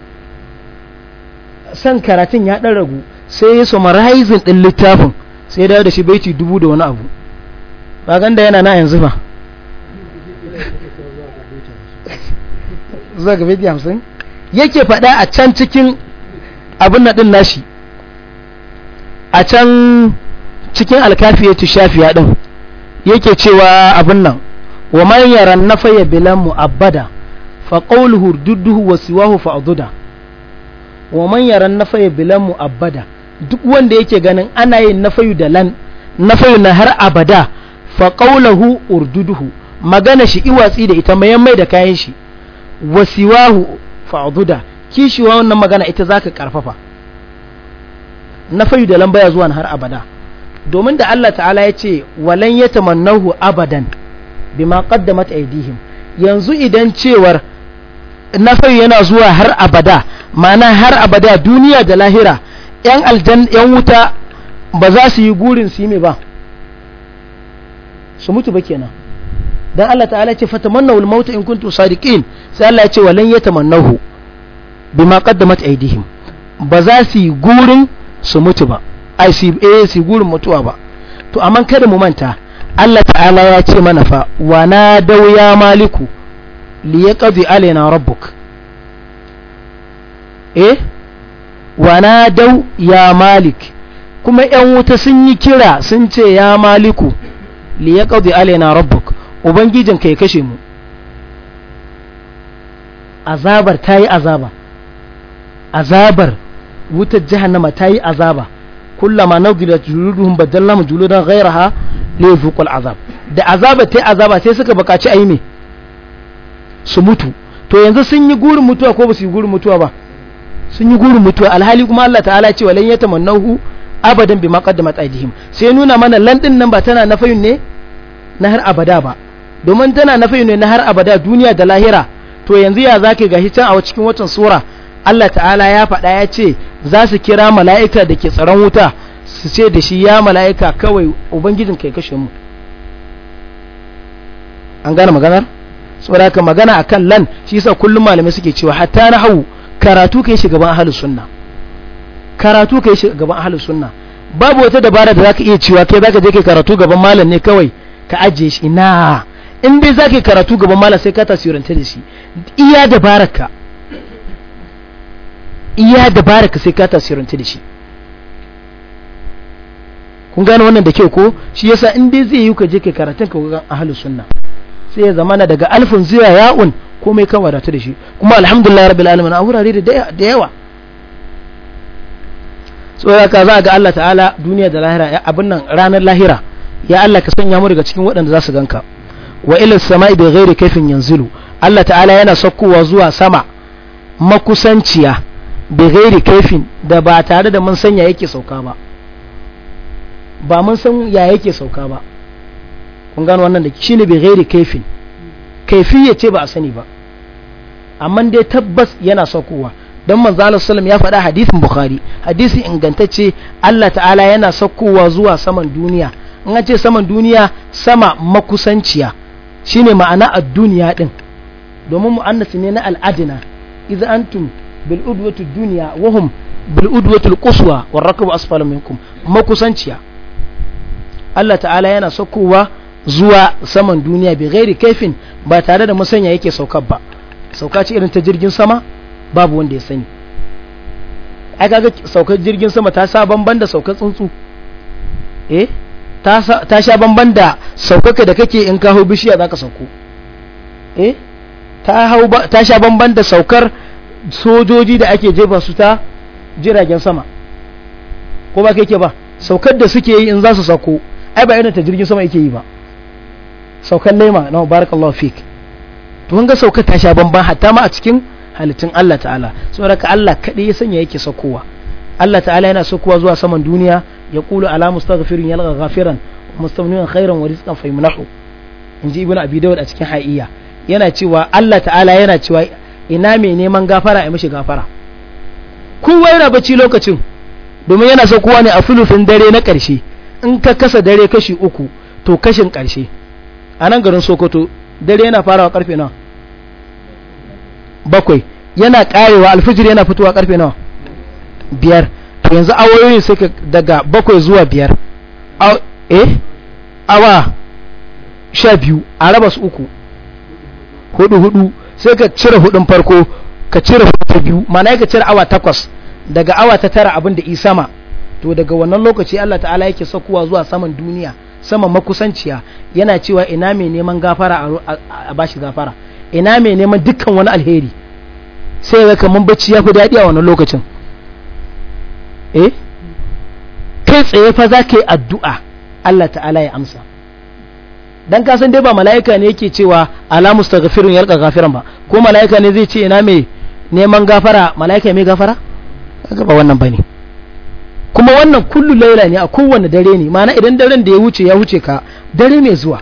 A: san karatun ya ɗan ragu sai ya summarizing ɗin littafin sai ya dawo da shi baiti dubu da wani abu ba ganda yana na yanzu ba zuwa ga baiti hamsin yake faɗa a can cikin abin na ɗin nashi a can cikin alkafiya tu shafiya ɗin yake cewa abin nan wa man yaran faye bilan abada fa qawluhu dudduhu wa siwahu fa fa'aduda. wa man yaran nafayu bilan mu'abbada duk wanda yake ganin ana yin na fayu da lan fayu na har abada fa qawluhu urduduhu magana shi iwatsi da ita mayan mai da kayan shi wasiwahu fa'duda kishi wannan magana ita zaka karfafa fayu da lan baya zuwa har abada domin da Allah ta'ala ya ce walan yatamannahu abadan bima qaddamat aydihim yanzu idan cewar na fayu yana zuwa har abada mana har abada duniya da lahira yan aljan yan wuta ba za su yi gurin su yi mai ba su mutu ba kenan dan Allah ta'ala ce fa fatamannahu al-maut in kuntum sadiqin sai Allah ya ce walan yatamannahu bima qaddamat aydihim ba za su yi gurin su mutu ba ai su eh su gurin mutuwa ba to amma kada mu manta Allah ta'ala ya ce mana fa wa na dau ya maliku li yaqdi alaina rabbuk eh wana dau ya malik kuma yan wuta sun yi kira sun ce ya maliku li ya qadi alaina rabbuk ubangijin ka ya kashe mu azabar ta yi azaba azabar wutar jahannama ta yi azaba kullama nadilat juluduhum badallama juludan ghayraha li yuzuqul azab da azaba ta azaba sai suka bakaci ayi me su mutu to yanzu sun yi gurin mutuwa ko ba su yi gurin mutuwa ba sun yi gurin mutuwa alhali kuma Allah ta'ala cewa lan tamannahu abadan bi qaddamat aydihim sai nuna mana lan din nan ba tana nafayin ne na har abada ba domin tana nafayin ne na har abada duniya da lahira to yanzu ya zaki ga hitan a cikin watan sura Allah ta'ala ya faɗa ya ce za su kira mala'ika da ke tsaron wuta su ce da shi ya mala'ika kawai ubangijin kai kashe mu an gane maganar saboda ka magana akan lan shi yasa kullum malamai suke cewa hatta na hawu. karatu kai shi gaban ahlus sunna karatu kai shi gaban ahlus sunna babu wata dabara da zaka iya cewa kai zaka je kai karatu gaban malam ne kawai ka ajiye shi ina in dai zaka karatu gaban malam sai ka tasirance da shi iya dabararka iya dabararka sai ka tasirance da shi kun gane wannan da kyau ko shi yasa in dai zai yi ka je kai karatun ka wajen ahlus sunna sai ya zamana daga alfun zuwa ya'un komai kan wadata da shi kuma alhamdulillah rabbil alamin a wurare da yawa tsoron ka za ga Allah ta'ala duniya da lahira abin nan ranar lahira ya Allah ka sanya mu daga cikin waɗanda za su ganka wa ilal sama'i bi ghairi kaifin yanzilu Allah ta'ala yana sakkowa zuwa sama makusanciya bi ghairi kaifin da ba tare da mun sanya yake sauka ba ba mun san ya yake sauka ba kun gano wannan da shine bi ghairi kaifin kaifi yace ce ba a sani ba amma dai tabbas yana saukowa don manzala salam ya faɗa hadisin bukhari hadisi ingantacce allah ta'ala yana saukowa zuwa saman duniya in an ce saman duniya sama makusanciya shine ma'ana a duniya din domin mu'annasi ne na al'adina idan antum bil udwatu duniya wahum bil udwatu wa quswa war minkum makusanciya Allah ta'ala yana saukowa zuwa saman duniya bi ghairi kaifin ba tare da musanya yake saukar ba sauka ce irin ta jirgin sama babu wanda ya sani ai kaga saukar jirgin sama ta sa bamban da saukar tsuntsu eh ta ta sha bamban da saukaka da kake in ka hau bishiya za ka sauko eh ta hau ta sha bamban da saukar sojoji da ake jefa su ta jiragen sama ko ba ke ba saukar da suke yi in za su sauko ai ba irin ta jirgin sama yake yi ba saukar lema na barakallahu fik to kun ga sauka ta sha bamban hatta ma a cikin halittun Allah ta'ala saboda ka Allah kaɗai ya sanya yake sakowa Allah ta'ala yana kowa zuwa saman duniya ya kulu ala mustaghfirin yalga ghafiran mustamniyan khairan wa rizqan fayumnahu inji ibnu abi dawud a cikin haiya yana cewa Allah ta'ala yana cewa ina mai neman gafara ai mishi gafara kowa yana bacci lokacin domin yana kowa ne a fulufin dare na ƙarshe in ka kasa dare kashi uku to kashin ƙarshe a nan garin sokoto dare yana farawa karfe nawa bakwai yana karewa alfijir yana fitowa karfe nawa biyar to yanzu awoyoyin suka daga bakwai zuwa biyar eh awa sha biyu a raba su uku hudu hudu sai ka cire hudun farko ka cire ta biyu mana ka cire awa takwas daga awa ta tara abinda da isama to daga wannan lokaci Allah ta'ala yake sakuwa zuwa saman duniya sama makusanciya yana cewa ina mai neman gafara a bashi gafara ina mai neman dukkan wani alheri sai ga kaman bacci ya fi daɗi a wani lokacin eh kai tsaye fa za ka yi addu'a Allah ta'ala ya amsa dan kasan dai ba mala'ika ne yake cewa ala mustaghfirun yarka ghafiran ba ko mala'ika ne zai ce ina mai neman gafara mala'ika mai gafara ba wannan bane kuma wannan kullu laila ne a kowane dare ne mana idan daren da ya wuce ya wuce ka dare mai zuwa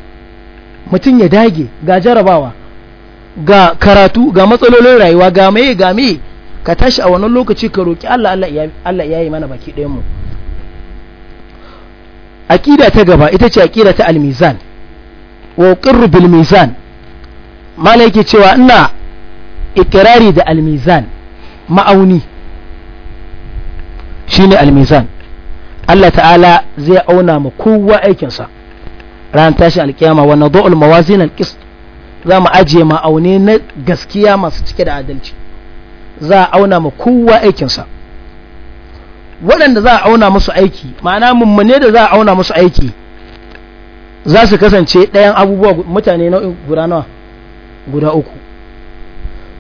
A: mutum ya dage ga jarabawa ga karatu ga matsalolin rayuwa ga mai ga mai ka tashi a wannan lokaci ka roki Allah Allah ya yi mana baki ɗayan mu aqida ta gaba ita ce aqida ta al-mizan wa qirru bil mizan malai yake cewa ina ikrari da al-mizan ma'auni shine almizan Allah ta'ala zai auna mu kowa aikinsa ran tashi alkiyama wa nadu almawazin alqist za mu aje aune na gaskiya masu cike da adalci za a auna mu kowa aikinsa waɗanda za a auna musu aiki ma'ana mummune da za a auna musu aiki za su kasance ɗayan abubuwa mutane nau'in guda nawa guda uku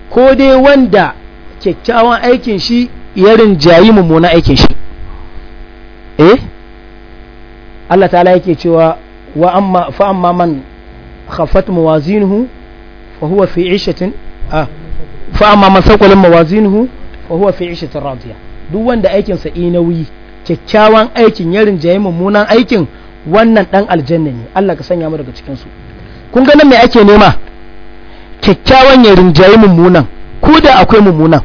A: ko dai wanda kyakkyawan aikin shi ya rinjayi mummuna aikin shi eh Allah ta'ala yake cewa wa amma fa amma man khaffat mawazinuhu fa huwa fi 'ishatin ah fa amma man saqalat mawazinuhu fa huwa fi 'ishatin radiya duk wanda aikin sa inawi kyakkyawan aikin ya rinjayi mummunan aikin wannan dan aljanna ne Allah ka sanya mu daga cikin su kun ga nan me ake nema kyakkyawan ya rinjayi mummunan ko da akwai mummunan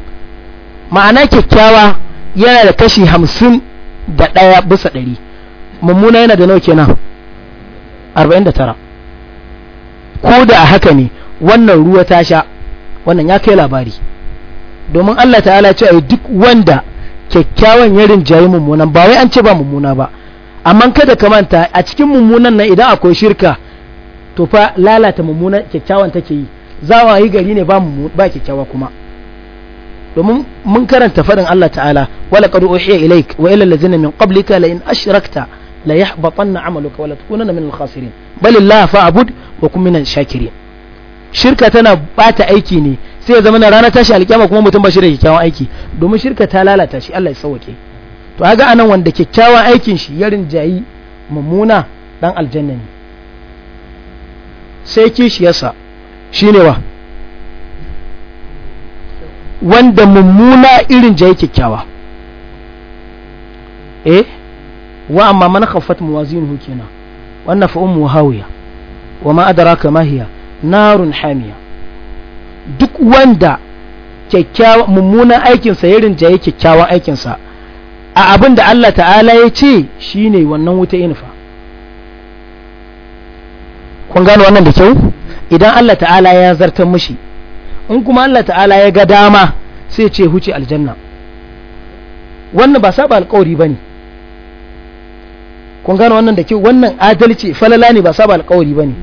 A: ma'ana kyakkyawa yana da kashi hamsin da ɗaya bisa ɗari mummuna yana da nawa kenan arba'in da tara ko da a haka ne wannan ruwa ta sha wannan ya kai labari domin Allah ta'ala ce a yi duk wanda kyakkyawan ya rinjaye mummunan ba wai an ce ba mummuna ba amma kada ka manta a cikin mummunan nan idan akwai shirka to fa lalata mummunan kyakkyawan take yi za a yi gari ne ba kyakkyawa kuma domin mun karanta faɗin Allah ta'ala wala qad uhiya ilaik wa ila allazina min qablika la in ashrakta la yahbatanna amaluka wala takunanna min al-khasirin bal Allah fa'bud wa kun min shakirin shirka tana bata aiki ne sai ya zama na rana tashi alkiyama kuma mutum ba shi da kyakkyawan aiki domin shirka ta lalata shi Allah ya sauke to haga anan wanda kyakkyawan aikin shi ya rinjayi mummuna dan aljanna ne sai kishiyarsa shine wa wanda mummuna irin jayi kyakkyawa eh wa amma man khaffat mawazinuhu kenan wannan fa ummu hawiya wa ma adraka ma hiya narun hamiya duk wanda kyakkyawa mummunan aikinsa ya rinjaye kyakkyawan aikinsa a abin da Allah ta'ala ya ce shine wannan wuta inufa kun gano wannan da kyau idan Allah ta'ala ya zartar mishi in kuma Allah ta'ala ya ga dama sai ce huce aljanna wannan ba saba alkawari ne, kun gano wannan da ke wannan adalci falala ne ba saba alkawari ne,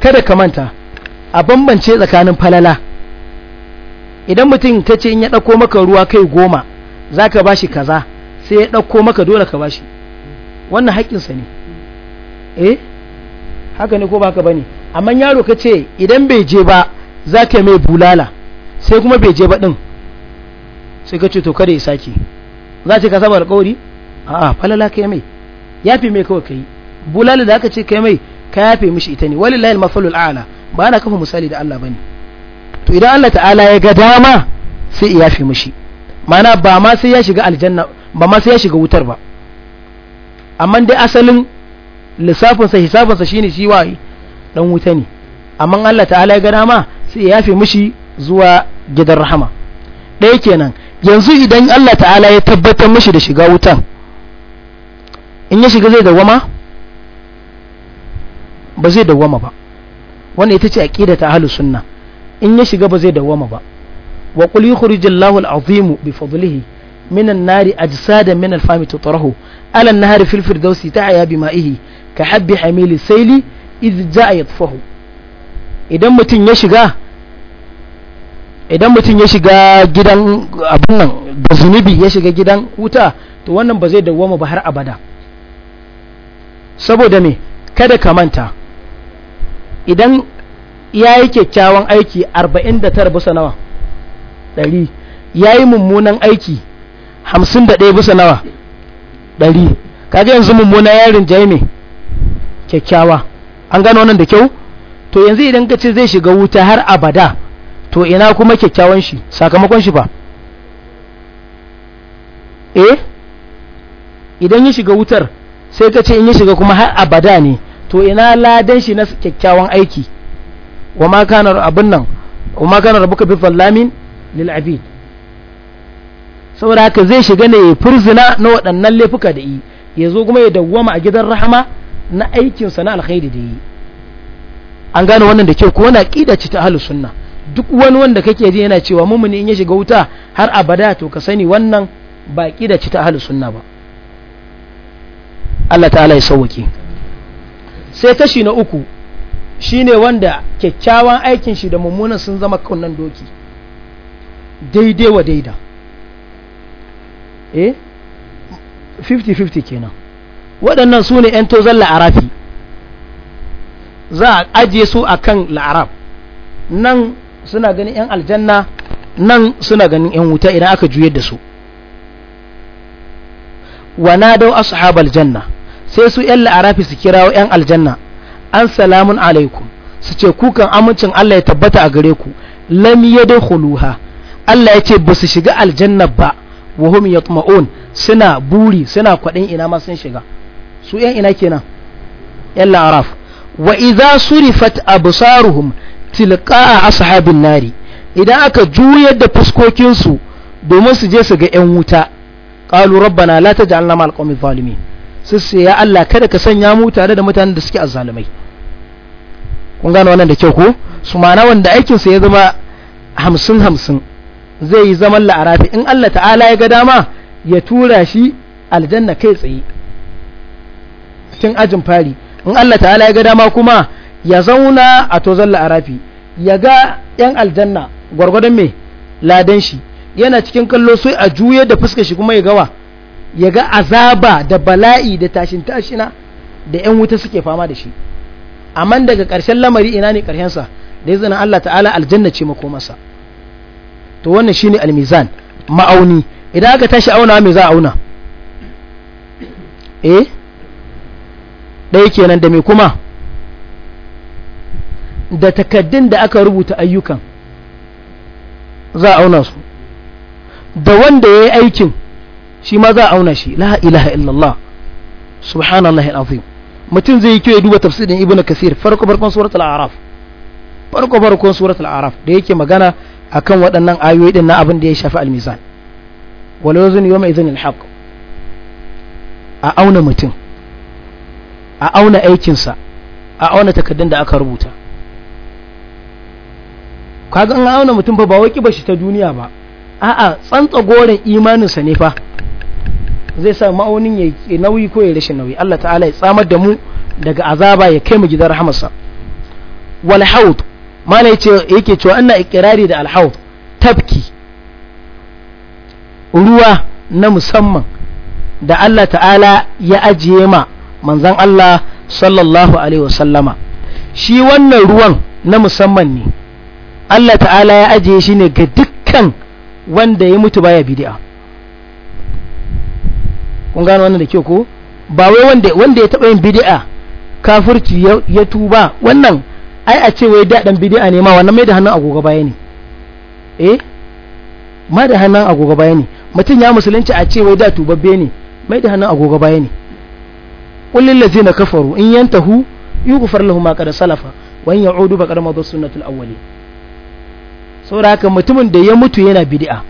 A: kada ka manta a bambance tsakanin falala idan mutum ta ce in ya ɗauko maka ruwa kai goma za ka ba shi kaza sai ya ɗauko maka dole ka ba shi wannan haƙƙinsa ne eh haka ne ko ba ka ba ne amma yaro ka ce idan bai je ba za ka mai bulala sai kuma bai je ba ɗin sai ka ce to kada ya sake za ce ka saba alƙawari a'a falala ka mai ya fi mai kawai ka yi bulala da aka ce kai mai ka ya fi mishi ita ne wani layin mafalul a'la ba na kafa misali da Allah ba ne. to idan Allah ta'ala ya ga dama sai ya fi mishi mana ba ma sai ya shiga aljanna ba ma sai ya shiga wutar ba amma dai asalin lissafinsa hisabinsa shine shi waye dan wuta ne amma Allah ta'ala ya ga dama sai ya yafe mishi zuwa gidan rahama ɗaya kenan yanzu idan Allah ta'ala ya tabbatar mishi da shiga wutan in ya shiga zai wama ba zai wama ba wanda ita ce aqida ta ahlus sunna in ya shiga ba zai wama ba wa qul yukhrijullahu al'azimu bi fadlihi al النار أجسادا ala an-nahari fil firdausi في bi ma'ihi ka habbi حميل sayli idh ja'a yatfahu idan mutum ya shiga idan mutum ya shiga gidan abin nan da zunubi ya shiga gidan wuta to wannan ba zai dawwama ba har abada saboda me kada ka manta idan ya yi kyakkyawan aiki 49 bisa nawa 100 ya yi mummunan aiki 51 bisa nawa 100 kaga yanzu mummuna yarin jaime kyakkyawa an gano nan da kyau to yanzu idan ka ce zai shiga wuta har abada to ina kuma kyakkyawan shi sakamakon shi ba eh idan ya shiga wutar sai ka ce in ya shiga kuma har abada ne to ina ladan shi na kyakkyawan aiki wa ma kana abin nan wa ma kana rabbuka bi zallamin lil abid saboda haka zai shiga ne ya furzina na waɗannan laifuka da yi ya zo kuma ya dawwama a gidan rahama na aikinsa na alkhairi da yi an gane wannan da kyau ko na ƙida ci ta ahlus sunna duk wani wanda kake ji yana cewa mumuni in ya shiga wuta har abada to ka sani wannan baki da ci ta ahli sunna ba Allah ta'ala ya sauwake sai kashi na uku shine wanda kyakkyawan aikin shi da mummunan sun zama kunnan doki daidai wa daida eh 50-50 kenan waɗannan su ne 'yan tozon la'arafi za a ajiye su a kan la'arab nan suna ganin 'yan aljanna nan suna ganin 'yan wuta idan aka juyar da su wa na dau ashab aljanna sai su 'yan la'arafi su kirawo 'yan aljanna an salamun alaikum su ce kukan amincin Allah ya tabbata a gare ku lam yadkhuluha Allah ya ce ba su shiga aljanna ba wa hum yatma'un suna buri suna kwadin ina ma sun shiga su 'yan ina kenan 'yan la'araf wa idza surifat absaruhum tilqa'a ashabin nari idan aka juyar da fuskokinsu domin su je su ga yan wuta qalu rabbana la taj'alna ma'al qawmi zalimin su sai ya Allah kada ka sanya mu tare da mutanen da suke azzalumai kun gano wannan da kyau ko su mana wanda aikin sa ya zama hamsin hamsin zai yi zaman la'arafi in Allah ta'ala ya ga dama ya tura shi aljanna kai tsaye cikin ajin fari in Allah ta'ala ya ga dama kuma ya zauna a tozon la'arafi ya ga 'yan aljanna gwargwadon mai ladan shi yana cikin kallo sai a juye da fuska shi kuma ya gawa ya ga azaba da bala'i da tashin tashina da 'yan wuta suke fama da shi amma daga ƙarshen lamari ina ne ƙarshensa da ya zana Allah ta'ala aljanna ce masa to wannan shine almizan ma'auni idan aka tashi auna me za a auna eh ɗaya kenan da me kuma da takaddun da aka rubuta ayyukan za a auna su da wanda ya yi aikin shi ma za a auna shi la ilaha illallah subhanallahi alazim mutum zai yi kyau ya duba tafsirin ibnu kasir farko farkon suratul a'raf farko farkon suratul a'raf da yake magana akan waɗannan ayoyi din na abin da ya shafi almizan wal wazn yawma idhin alhaq a auna mutum a auna aikinsa a auna takaddun da aka rubuta kaga an auna mutum fa ba wai kiba shi ta duniya ba a'a tsantsa goren imaninsa ne fa zai sa ma'aunin ya nauyi ko ya rashin nauyi Allah ta'ala ya tsamar da mu daga azaba ya kai mu gidan rahamarsa wal haud mana yace yake cewa ina iqrari da al haud tafki ruwa na musamman da Allah ta'ala ya ajiye ma manzon Allah sallallahu alaihi wasallama shi wannan ruwan na musamman ne Allah ta'ala ya ajiye shi ne ga dukkan wanda ya mutu baya bidi'a kun gano wannan da kyau ko ba wai wanda wanda ya taba yin bidi'a kafirci ya tuba wannan ai a ce wai da dan bidi'a ne ma wannan mai da hannun agogo baya ne eh ma da hannun agogo baya ne mutum ya musulunci a ce wai da tubabbe ne mai da hannun agogo baya ne kullin lazina kafaru in yantahu yughfar lahum ma qad salafa wa in ya'udu faqad madat sunnatul awwalin saboda haka mutumin da ya mutu yana bid'a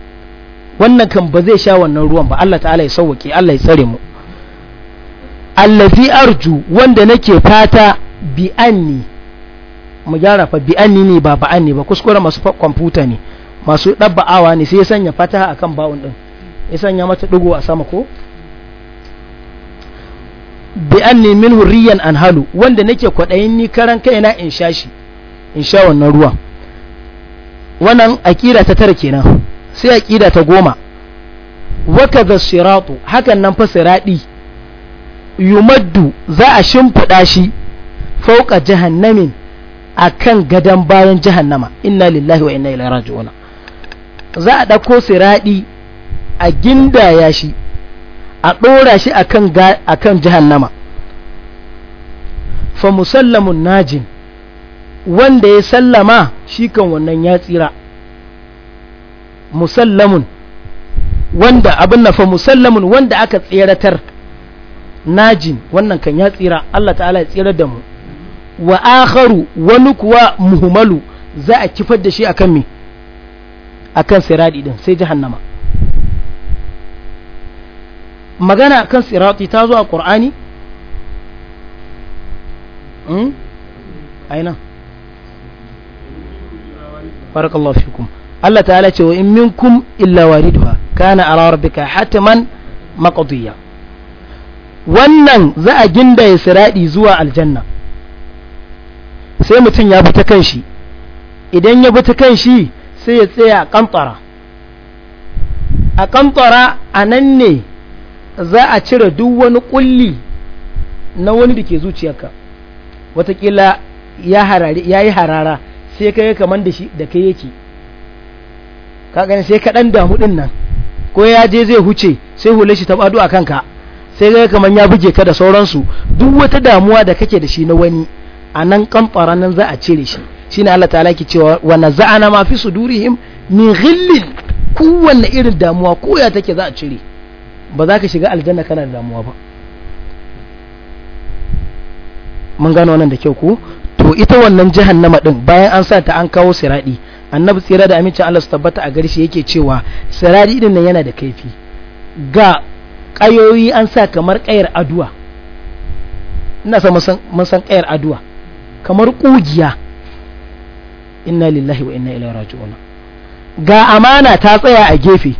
A: wannan kan ba zai sha wannan ruwan ba Allah ta'ala ya sauwake Allah ya tsare mu allazi arju wanda nake fata bi anni mu gyara fa bi anni ne ba ba anni ba kuskure masu kwamfuta ne masu awa ne sai ya sanya fataha akan bawun din ya sanya mata ɗigo a sama ko bi anni min hurriyan anhalu wanda nake kwadayin ni karan kaina in sha shi in sha wannan ruwan wannan aƙida ta tara kenan sai aƙida ta goma waka da siratu hakan nan fa siradi yumaddu za a shimfiɗa shi fauka jahannamin akan gadan bayan jahannama inna lillahi wa inna ilaihi raji'un za a ɗauko siradi a gindaya shi a ɗora shi akan akan jahannama fa musallamun najin wanda ya sallama shi kan wannan ya tsira musallamun wanda abin nafa musallamun wanda aka tseratar najin wannan kan ya tsira Allah ta'ala ya tsira da mu wa akharu wani kuwa muhumalu za a kifar da shi akan a akan siradi din sai jahannama magana kan sirati ta zo a qur'ani hmm? aina barakallahu fikum Allah ta'ala ce wa in minkum illa waridha kana ala rabbika hataman maqdiya wannan za a gindaye siradi zuwa aljanna sai mutum ya bi ta kanshi idan ya bi ta kanshi sai ya tsaya a kantara a kantara a nan ne za a cire duk wani kulli na wani da ke zuciyarka watakila ya yi harara sai ka yi kamar da shi da kai yake ka gani sai ka damu ɗin nan ko ya je zai huce sai hule shi ta bado a kanka sai ga kamar ya buge ka da sauransu duk wata damuwa da kake da shi na wani a nan kamfara nan za a cire shi shi ne Allah ta'ala ke cewa wa naza'ana ma fi sudurihim min ghillin kowanne irin damuwa ko ya take za a cire ba za ka shiga aljanna kana da damuwa ba mun gano wannan da kyau ko to ita wannan jahannama din bayan an sa ta an kawo siradi annabi tsira da amincin Allah su tabbata a gari shi yake cewa siradi din nan yana da kaifi ga kayoyi an sa kamar kayar addu'a ina sa mun san kayar addu'a kamar kugiya inna lillahi wa inna ilaihi raji'un ga amana ta tsaya a gefe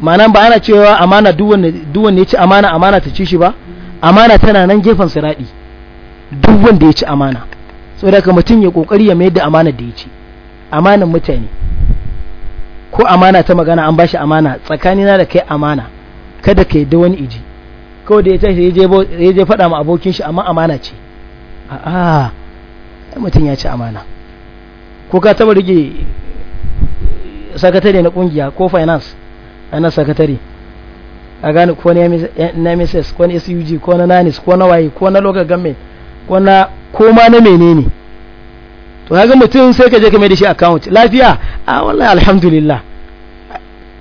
A: ma'ana ba ana cewa amana duk wanda ya ci amana amana ta ci shi ba amana tana nan gefen siradi duk wanda ya ci amana da ka mutum ya kokari ya mayar da amana da ya ci amanan mutane ko amana ta magana an bashi amana tsakanina da kai amana kada ka yadda wani iji kawai da ya tashi ya je faɗa ma abokin shi amma amana ce a'a mutum ya ci amana ko ka taba rike sakatare na kungiya ko finance na sakatare a gane ko na mss ko na sug ko na nanis ko na waye ko na local government wannan koma na menene to ga mutum sai ka je ka mai da shi account lafiya a wallahi alhamdulillah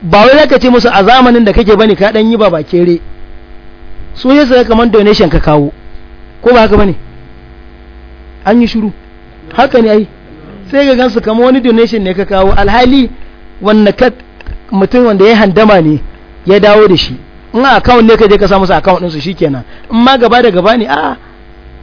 A: ba wai zaka ce musu a zamanin da kake bane ka dan yi ba bakere su yasa ka kaman donation ka kawo ko ba haka bane an yi shiru haka ne ai sai ga gansu kamar wani donation ne ka kawo alhali wanda ka mutum wanda ya handama ne ya dawo da shi in account ne ka je ka sa musu account din su shikenan in ma gaba da gaba ne a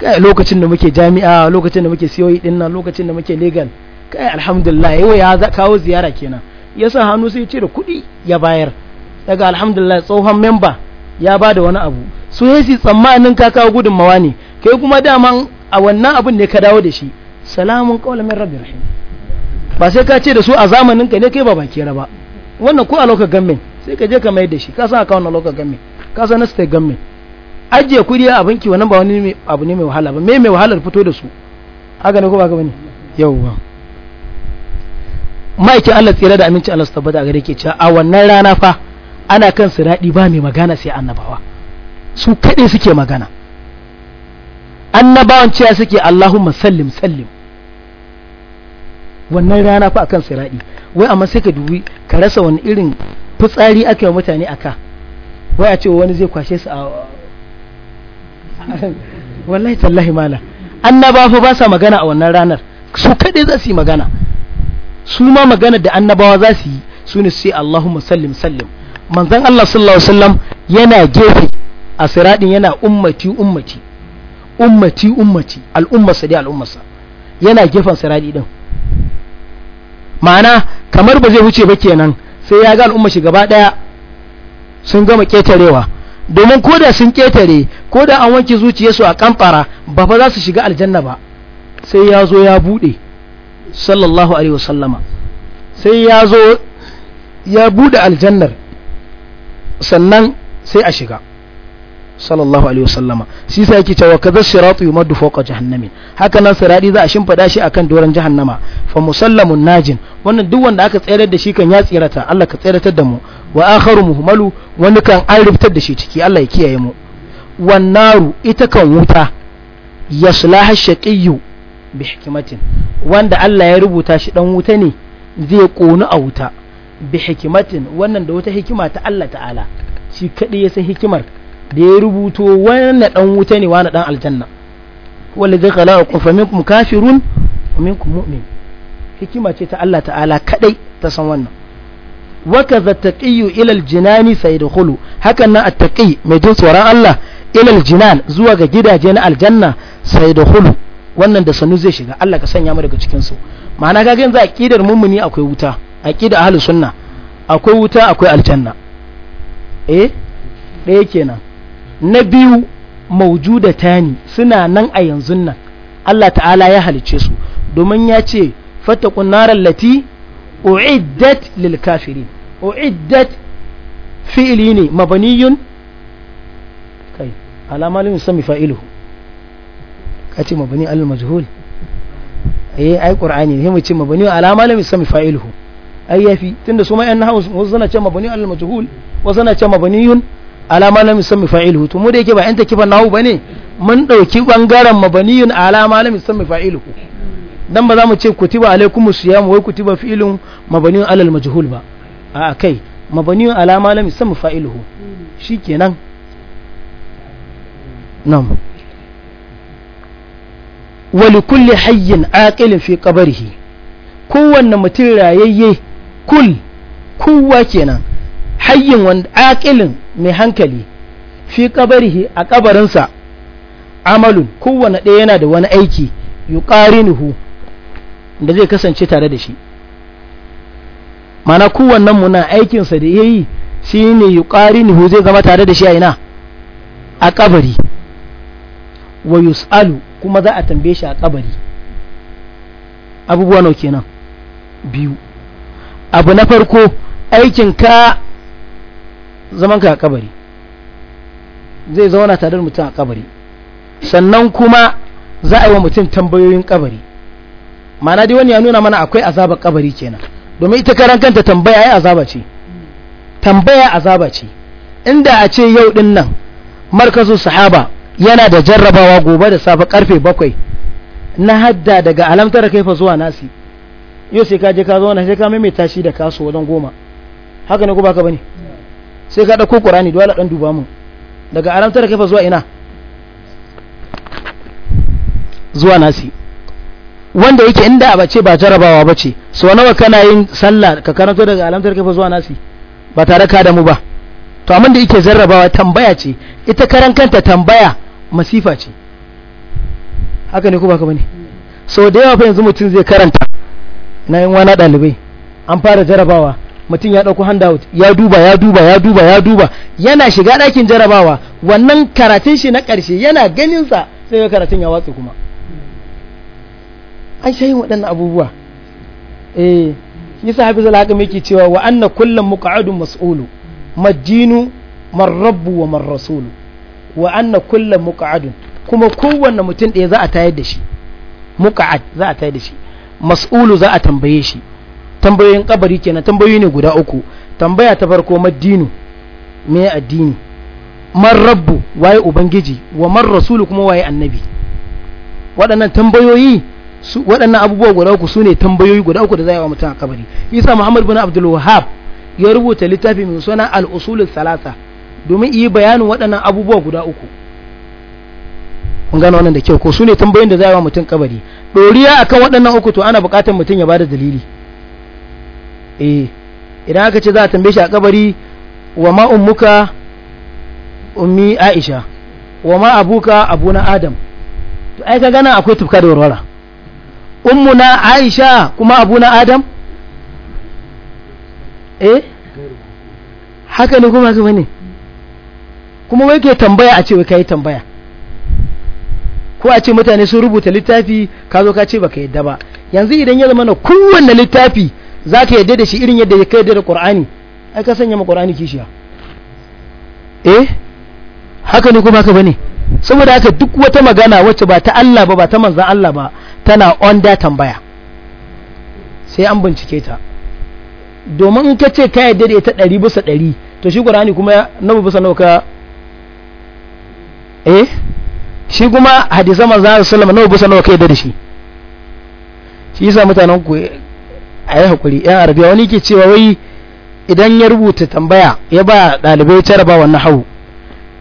A: kai lokacin da muke jami'a lokacin da muke siyoyi e din nan lokacin da muke legal kai alhamdulillah yau ya kawo ziyara kenan ya sa hannu sai ce da kuɗi ya bayar daga alhamdulillah tsohon memba ya ba da wani abu su yi tsammanin ka kawo gudunmawa ne kai kuma daman a wannan abin ne ka dawo da shi salamun kawalamin rabbi rahim ba sai ka ce da su a zamanin ka ne kai ba baki ba wannan ko a lokacin gamin sai ka je ka mai da shi ka san a kawo na lokacin gamin ka san na state gamin ajiye kuɗi a banki wannan ba wani abu ne mai wahala ba me mai wahalar fito da su haka ne ko ba ka bane yawwa ma'aikin Allah tsira da aminci Allah su tabbata a gare ke cewa a wannan rana fa ana kan siradi ba mai magana sai annabawa su kaɗe suke magana annabawan cewa suke Allahumma sallim sallim wannan rana fa akan siradi wai amma sai ka dubi ka rasa wani irin fitsari aka yi mutane aka wai a ce wani zai kwashe su a [LAUGHS] wallahi tallahi mala annaba fa ba sa magana a wannan ranar su kaɗai za su yi magana su ma magana da annabawa za su yi su ne sai Allahumma sallim sallim manzon Allah sallallahu alaihi wasallam yana gefe a siradin yana ummati ummati ummati ummati al'ummarsa da al'ummarsa yana gefen siradi din ma'ana kamar ba zai wuce ba kenan sai ya ga al'ummar gaba daya sun gama ketarewa domin ko da sun ƙetare ko da an wanke zuciyarsu a kamfara ba fa za su shiga aljanna ba sai ya zo ya buɗe sallallahu alaihi wasallama sai ya zo ya buɗe aljannar sannan sai a shiga sallallahu alaihi wasallama shi yasa yake cewa kaza siratu yumaddu fawqa jahannamin haka nan siradi za a shimfida shi akan doran jahannama fa musallamun najin wannan duk wanda aka tsayar da shi kan ya tsirata Allah ka tsiratar da mu wa akharu muhmalu wani kan an rubtar da shi ciki Allah ya kiyaye mu wan naru ita kan wuta yaslaha shaqiyyu bi hikmatin wanda Allah ya rubuta shi dan wuta ne zai konu a wuta bi hikmatin wannan da wata hikima ta Allah ta'ala shi kadai ya san hikimar da ya rubuto wannan dan wuta ne wani dan aljanna wanda zai kala fa minkum kafirun wa minkum mu'min hikima ce ta Allah ta'ala kadai ta san wannan wa kadha taqiyyu ila aljinani sayadkhulu hakan nan attaqi mai jin tsoron Allah ilal aljinan zuwa ga gidaje na aljanna sayadkhulu wannan da sanu zai shiga Allah ka sanya mu daga cikin su ma'ana kaga yanzu aqidar mummuni akwai wuta aqida ahlus sunna akwai wuta akwai aljanna eh ɗaya kenan na biyu maujuda tani suna nan a yanzu nan Allah ta'ala ya halice su domin ya ce fatakun narar lati u'iddat lil kafirin u'iddat fi'ili ne mabaniyun kai alama limin sami fa'ilu ka ce mabani al majhul eh ai qur'ani ne mu ce mabani alama limin sami fa'iluhu ai yafi tunda su ma yan nahawu wasu suna ce mabani al majhul wasu suna ce mabaniyun alama lam yusammi fa'iluhu to mu da yake ba yan takifan nahu bane mun dauki bangaren mabaniyun alama lam yusammi fa'iluhu dan ba za mu ce kutiba alaikum siyam wai kutiba filin mabaniyun alal majhul ba a kai mabaniyun alama lam yusammi fa'iluhu shikenan nam wali kulli hayyin aqilin fi qabrihi kowanne mutum rayayye kul kowa kenan hayyin wanda aqilin mai hankali fi kabarihi a kabarinsa amalun kowane ɗaya yana da wani aiki yuqarinuhu da zai kasance tare da shi mana kowannen mu na aikinsa da yayi shine yuqarinuhu zai zama tare da shi a ina a kabari wa yus'alu kuma za a tambaye shi a kabari abubuwa nau kenan biyu abu na farko aikin ka. zaman ka a kabari zai zauna tare da mutum a kabari sannan kuma za a yi wa mutum tambayoyin kabari ma'ana dai wani ya nuna mana akwai azabar kabari kenan domin ita karan kanta tambaya ya azaba ce tambaya azaba ce inda a ce yau din nan markazu sahaba yana da jarrabawa gobe da safe karfe bakwai na hadda daga alamtar kaifa zuwa nasi yau sai ka je ka zo na sai ka maimaita shi da kasu wajen goma haka ne ko baka bane sai ka ɗauko ƙurani dole ɗan duba mu daga alamtar kafa zuwa ina zuwa nasi wanda yake inda a bace ba jarabawa ba ce so nawa kana yin sallah ka karanto daga alamtar kafa zuwa nasi ba tare ka da mu ba to amma da yake jarrabawa tambaya ce ita karan kanta tambaya masifa ce haka ne ko ba ka bane so da yawa fa yanzu mutun zai karanta na yin wani ɗalibai an fara jarabawa mutum ya ɗauko handout ya duba ya duba ya duba ya duba yana shiga ɗakin jarabawa wannan karatun shi na ƙarshe yana ganinsa sai ya karatun ya watsu kuma an shayin waɗannan abubuwa eh yasa hafiz al-hakim cewa wa anna kullum muqa'adun mas'ulu majinu marrabu wa man rasulu wa anna kullum muqa'adun kuma kowanne mutum ɗaya za a tayar da shi muqa'ad za a tayar da shi mas'ulu za a tambaye shi tambayoyin kabari kenan tambayoyi ne guda uku tambaya ta farko madinu me addini man rabbu waye ubangiji wa man rasulu kuma waye annabi waɗannan tambayoyi waɗannan abubuwa guda uku su ne tambayoyi guda uku da za a yi wa mutum a kabari isa muhammad bin abdul wahab ya rubuta littafi mai suna al-usulul salasa domin yi bayanin waɗannan abubuwa guda uku kun gano wannan da kyau ko su ne tambayoyin da za a yi wa mutum kabari ɗoriya akan waɗannan uku to ana buƙatar mutum ya bada dalili eh idan aka ce za a tambaye shi a kabari wa ma ummuka ummi aisha wa ma abuka abuna adam to ai ka gana akwai tufka da warwara ummuna aisha kuma abuna adam eh haka ne kuma kuma ne kuma wai ke tambaya a ce wai kai tambaya ko a ce mutane sun rubuta littafi ka zo ka ce baka yadda ba yanzu idan ya zama na kowanne littafi za ka yadda da shi irin yadda ya kai da ƙur'ani ai ka sanya ma ƙur'ani kishiya eh haka ne kuma haka bane saboda haka duk wata magana wacce ba ta Allah ba ba ta manzan Allah ba tana on da tambaya sai an bincike ta domin in ka ce ka yadda da ita ɗari bisa ɗari to shi ƙur'ani kuma nawa bisa nawa ka eh shi kuma hadisan manzan Allah sallama nawa bisa nawa ka yadda da shi shi yasa mutanen ku a yi haƙuri yan arabiya wani ke cewa wai idan ya rubuta tambaya ya ba ɗalibai jaraba wannan hau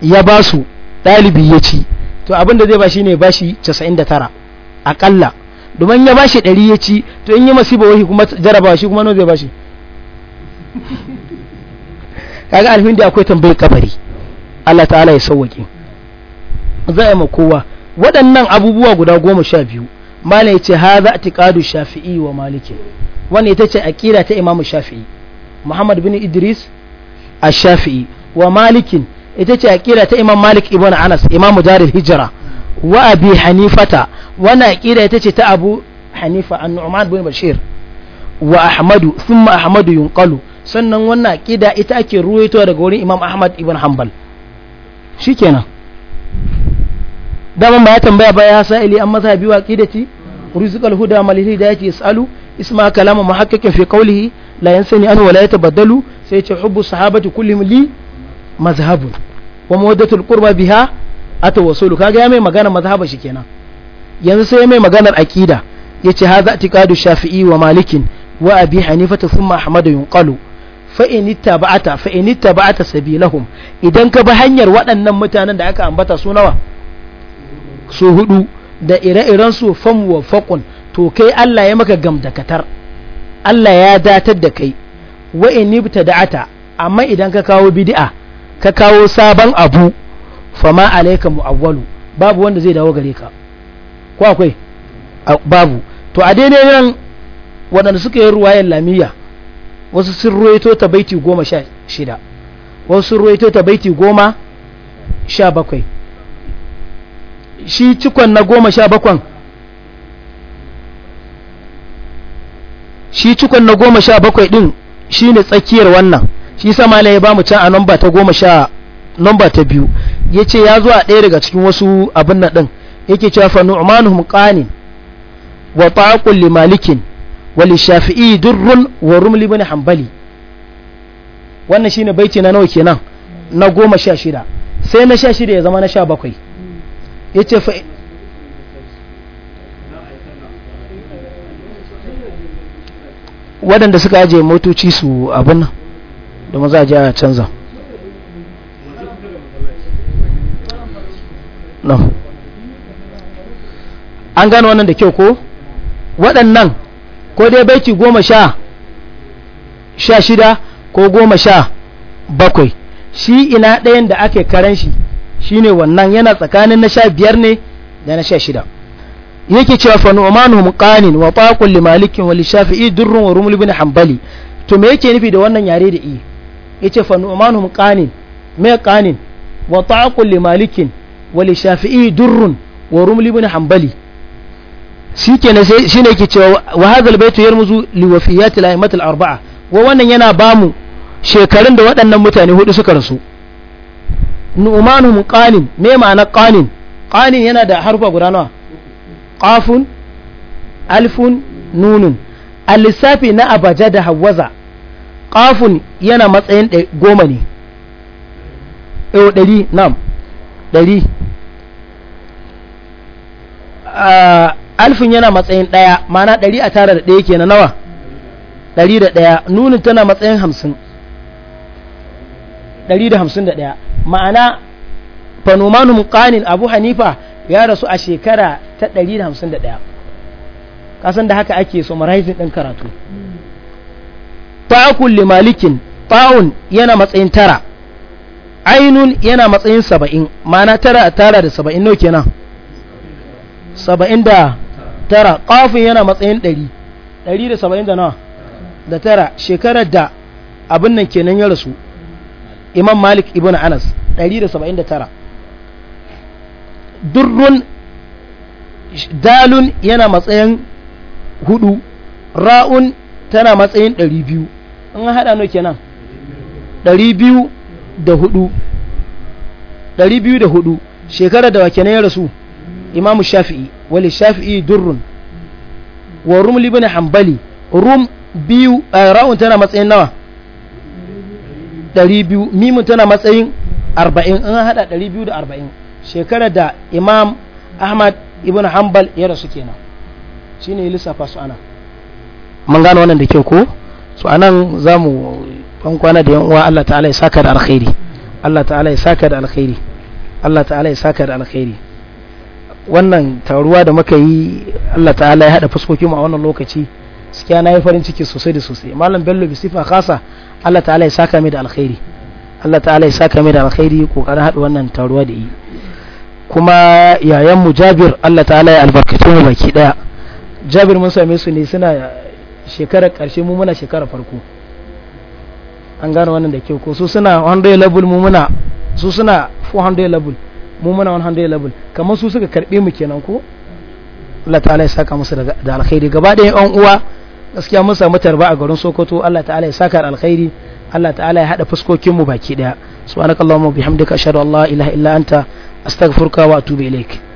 A: ya ba su ɗalibi ya ci to abin da zai ba shi ne ba shi 99 aƙalla domin ya ba shi 100 ya ci to in yi masiba wahi kuma jaraba shi kuma nawa zai ba shi
B: [LAUGHS]
A: kaga alfin da akwai tambayar kabari Allah ta'ala ya sauwaƙe za a ma kowa waɗannan abubuwa guda goma sha biyu mala ya ce ha za a tiƙadu shafi'i wa malikin wani ita ce aƙira ta imam shafi'i muhammad bin idris a shafi'i wa malikin ita ce aƙira ta imam malik ibn anas imam jarir hijira wa abi hanifata wani aƙira ita ce ta abu hanifa an nu'man bin bashir wa ahmadu thumma ahmadu yunqalu sannan wannan aƙida ita ake ruwaito daga wurin imam ahmad ibn hanbal shikenan daman ba ya tambaya ba ya sa ili an mazhabi wa aqidati rizqal huda mal hidayati yasalu isma kalamu muhakkakin fi qawlihi la yansani an wala yatabaddalu sai ce hubbu sahabati kullum li mazhabun wa mawaddatul qurba biha atawassulu kaga ya mai magana mazhaba shi kenan yanzu sai ya mai maganar aqida yace hadha atiqadu shafi'i wa malikin wa abi hanifata thumma ahmadu yunqalu fa in ittaba'ata fa in ittaba'ata sabilahum idan ka bi hanyar waɗannan mutanen da aka ambata su nawa su huɗu da ire-iren su fam wa faqun to kai Allah ya maka gamdakatar Allah ya datar da kai wa bita da'ata amma idan ka kawo bid'a ka kawo sabon abu fama alayka mu'awwalu babu wanda zai dawo gare ka ko akwai babu to a daidai nan waɗanda suka yi ruwayan lamiya wasu sun ruwaito ta baiti goma sha shida wasu sun ruwaito ta baiti goma sha bakwai shi cikon na goma sha bakwai. shi cikon na goma sha bakwai ɗin shi ne tsakiyar wannan shi sama ya ba mu can a nomba ta goma sha nomba ta biyu ya ce ya zuwa ɗaya daga cikin wasu abin na ɗin yake cewa fa mu qanin wa ta'aqul li malikin wa li shafi'i durrun wa rumli bani hambali. wannan shine baiti na nawa kenan na goma sha shida sai na sha shida ya zama na sha bakwai ya ce waɗanda suka aje motoci su abin nan domin za a a canza no an gano wannan da kyau ko waɗannan ko dai baiki goma sha sha shida ko goma sha bakwai shi ina ɗayan da ake karan shi shine wannan yana tsakanin na sha biyar ne da na sha shida yake cewa fa nu'manuhum qanin wa taqul li malikin wa li shafi'i durrun wa rumul ibn hanbali to me yake nufi da wannan yare da i yace fa nu'manuhum qanin me qanin wa taqul li malikin wa li shafi'i durrun wa rumul ibn hanbali ne sai shine yake cewa wa hadhal baytu yarmuzu li wafiyati al a'immat al arba'a wa wannan yana bamu shekarun da waɗannan mutane hudu suka rasu nu'manuhum qanin me ma'ana qanin qanin yana da harfa guda nawa qafun alfun nunun a lissafi na abaja da hawaza qafun yana matsayin goma ne ɗau ɗari nam ɗari alfin yana matsayin ɗaya mana ɗari a tara da ɗaya ke na nawa ɗari da ɗaya nunin tana matsayin hamsin ɗari da hamsin da ɗaya ma'ana fanomanu muqanin abu hanifa ya rasu a shekara ta 151 kasan da haka ake summarizing din karatu ta'akul li malikin ta'un yana matsayin tara ainun yana matsayin saba'in mana tara tara da saba'in nau kenan saba'in da tara ƙafin yana matsayin ɗari ɗari da saba'in da nawa da tara shekarar da abin nan kenan ya rasu imam malik ibn anas ɗari da saba'in da tara durrun dalun yana matsayin hudu ra'un tana matsayin ɗari biyu an haɗa no kenan ɗari biyu da hudu ɗari biyu da hudu shekarar da wake ya rasu imamu shafi'i wale shafi'i durrun wa rum libin hambali rum biyu a ra'un tana matsayin nawa ɗari biyu mimun tana matsayin arba'in an haɗa ɗari biyu da arba'in shekara da imam ahmad ibn hanbal ya rasu kenan shine lissafa su ana mun gano wannan da kyau ko su anan za mu kwana da yan uwa Allah ta'ala ya saka da alkhairi Allah ta'ala ya saka da alkhairi Allah ta'ala ya saka da alkhairi wannan taruwa da muka yi Allah ta'ala ya hada fuskoki mu a wannan lokaci gaskiya na yi farin ciki sosai da sosai malam bello sifa kasa Allah ta'ala ya saka mai da alkhairi Allah ta'ala ya saka mai da alkhairi kokarin haɗa wannan taruwa da yi kuma yayan mu jabir Allah ta'ala ya albarkace mu baki daya jabir mun same su ne suna shekarar karshe mu muna shekarar farko an gano wannan da kyau ko su suna 100 level mu muna su suna 400 level mu muna 100 level kamar su suka karbe mu kenan ko Allah ta'ala ya saka musu da alkhairi gaba ɗaya yan uwa gaskiya mun samu tarba a garin Sokoto Allah ta'ala ya saka alkhairi Allah ta'ala ya haɗa fuskokin mu baki ɗaya subhanakallahumma bihamdika ashhadu an la ilaha illa anta astaghfiruka wa atubu ilaik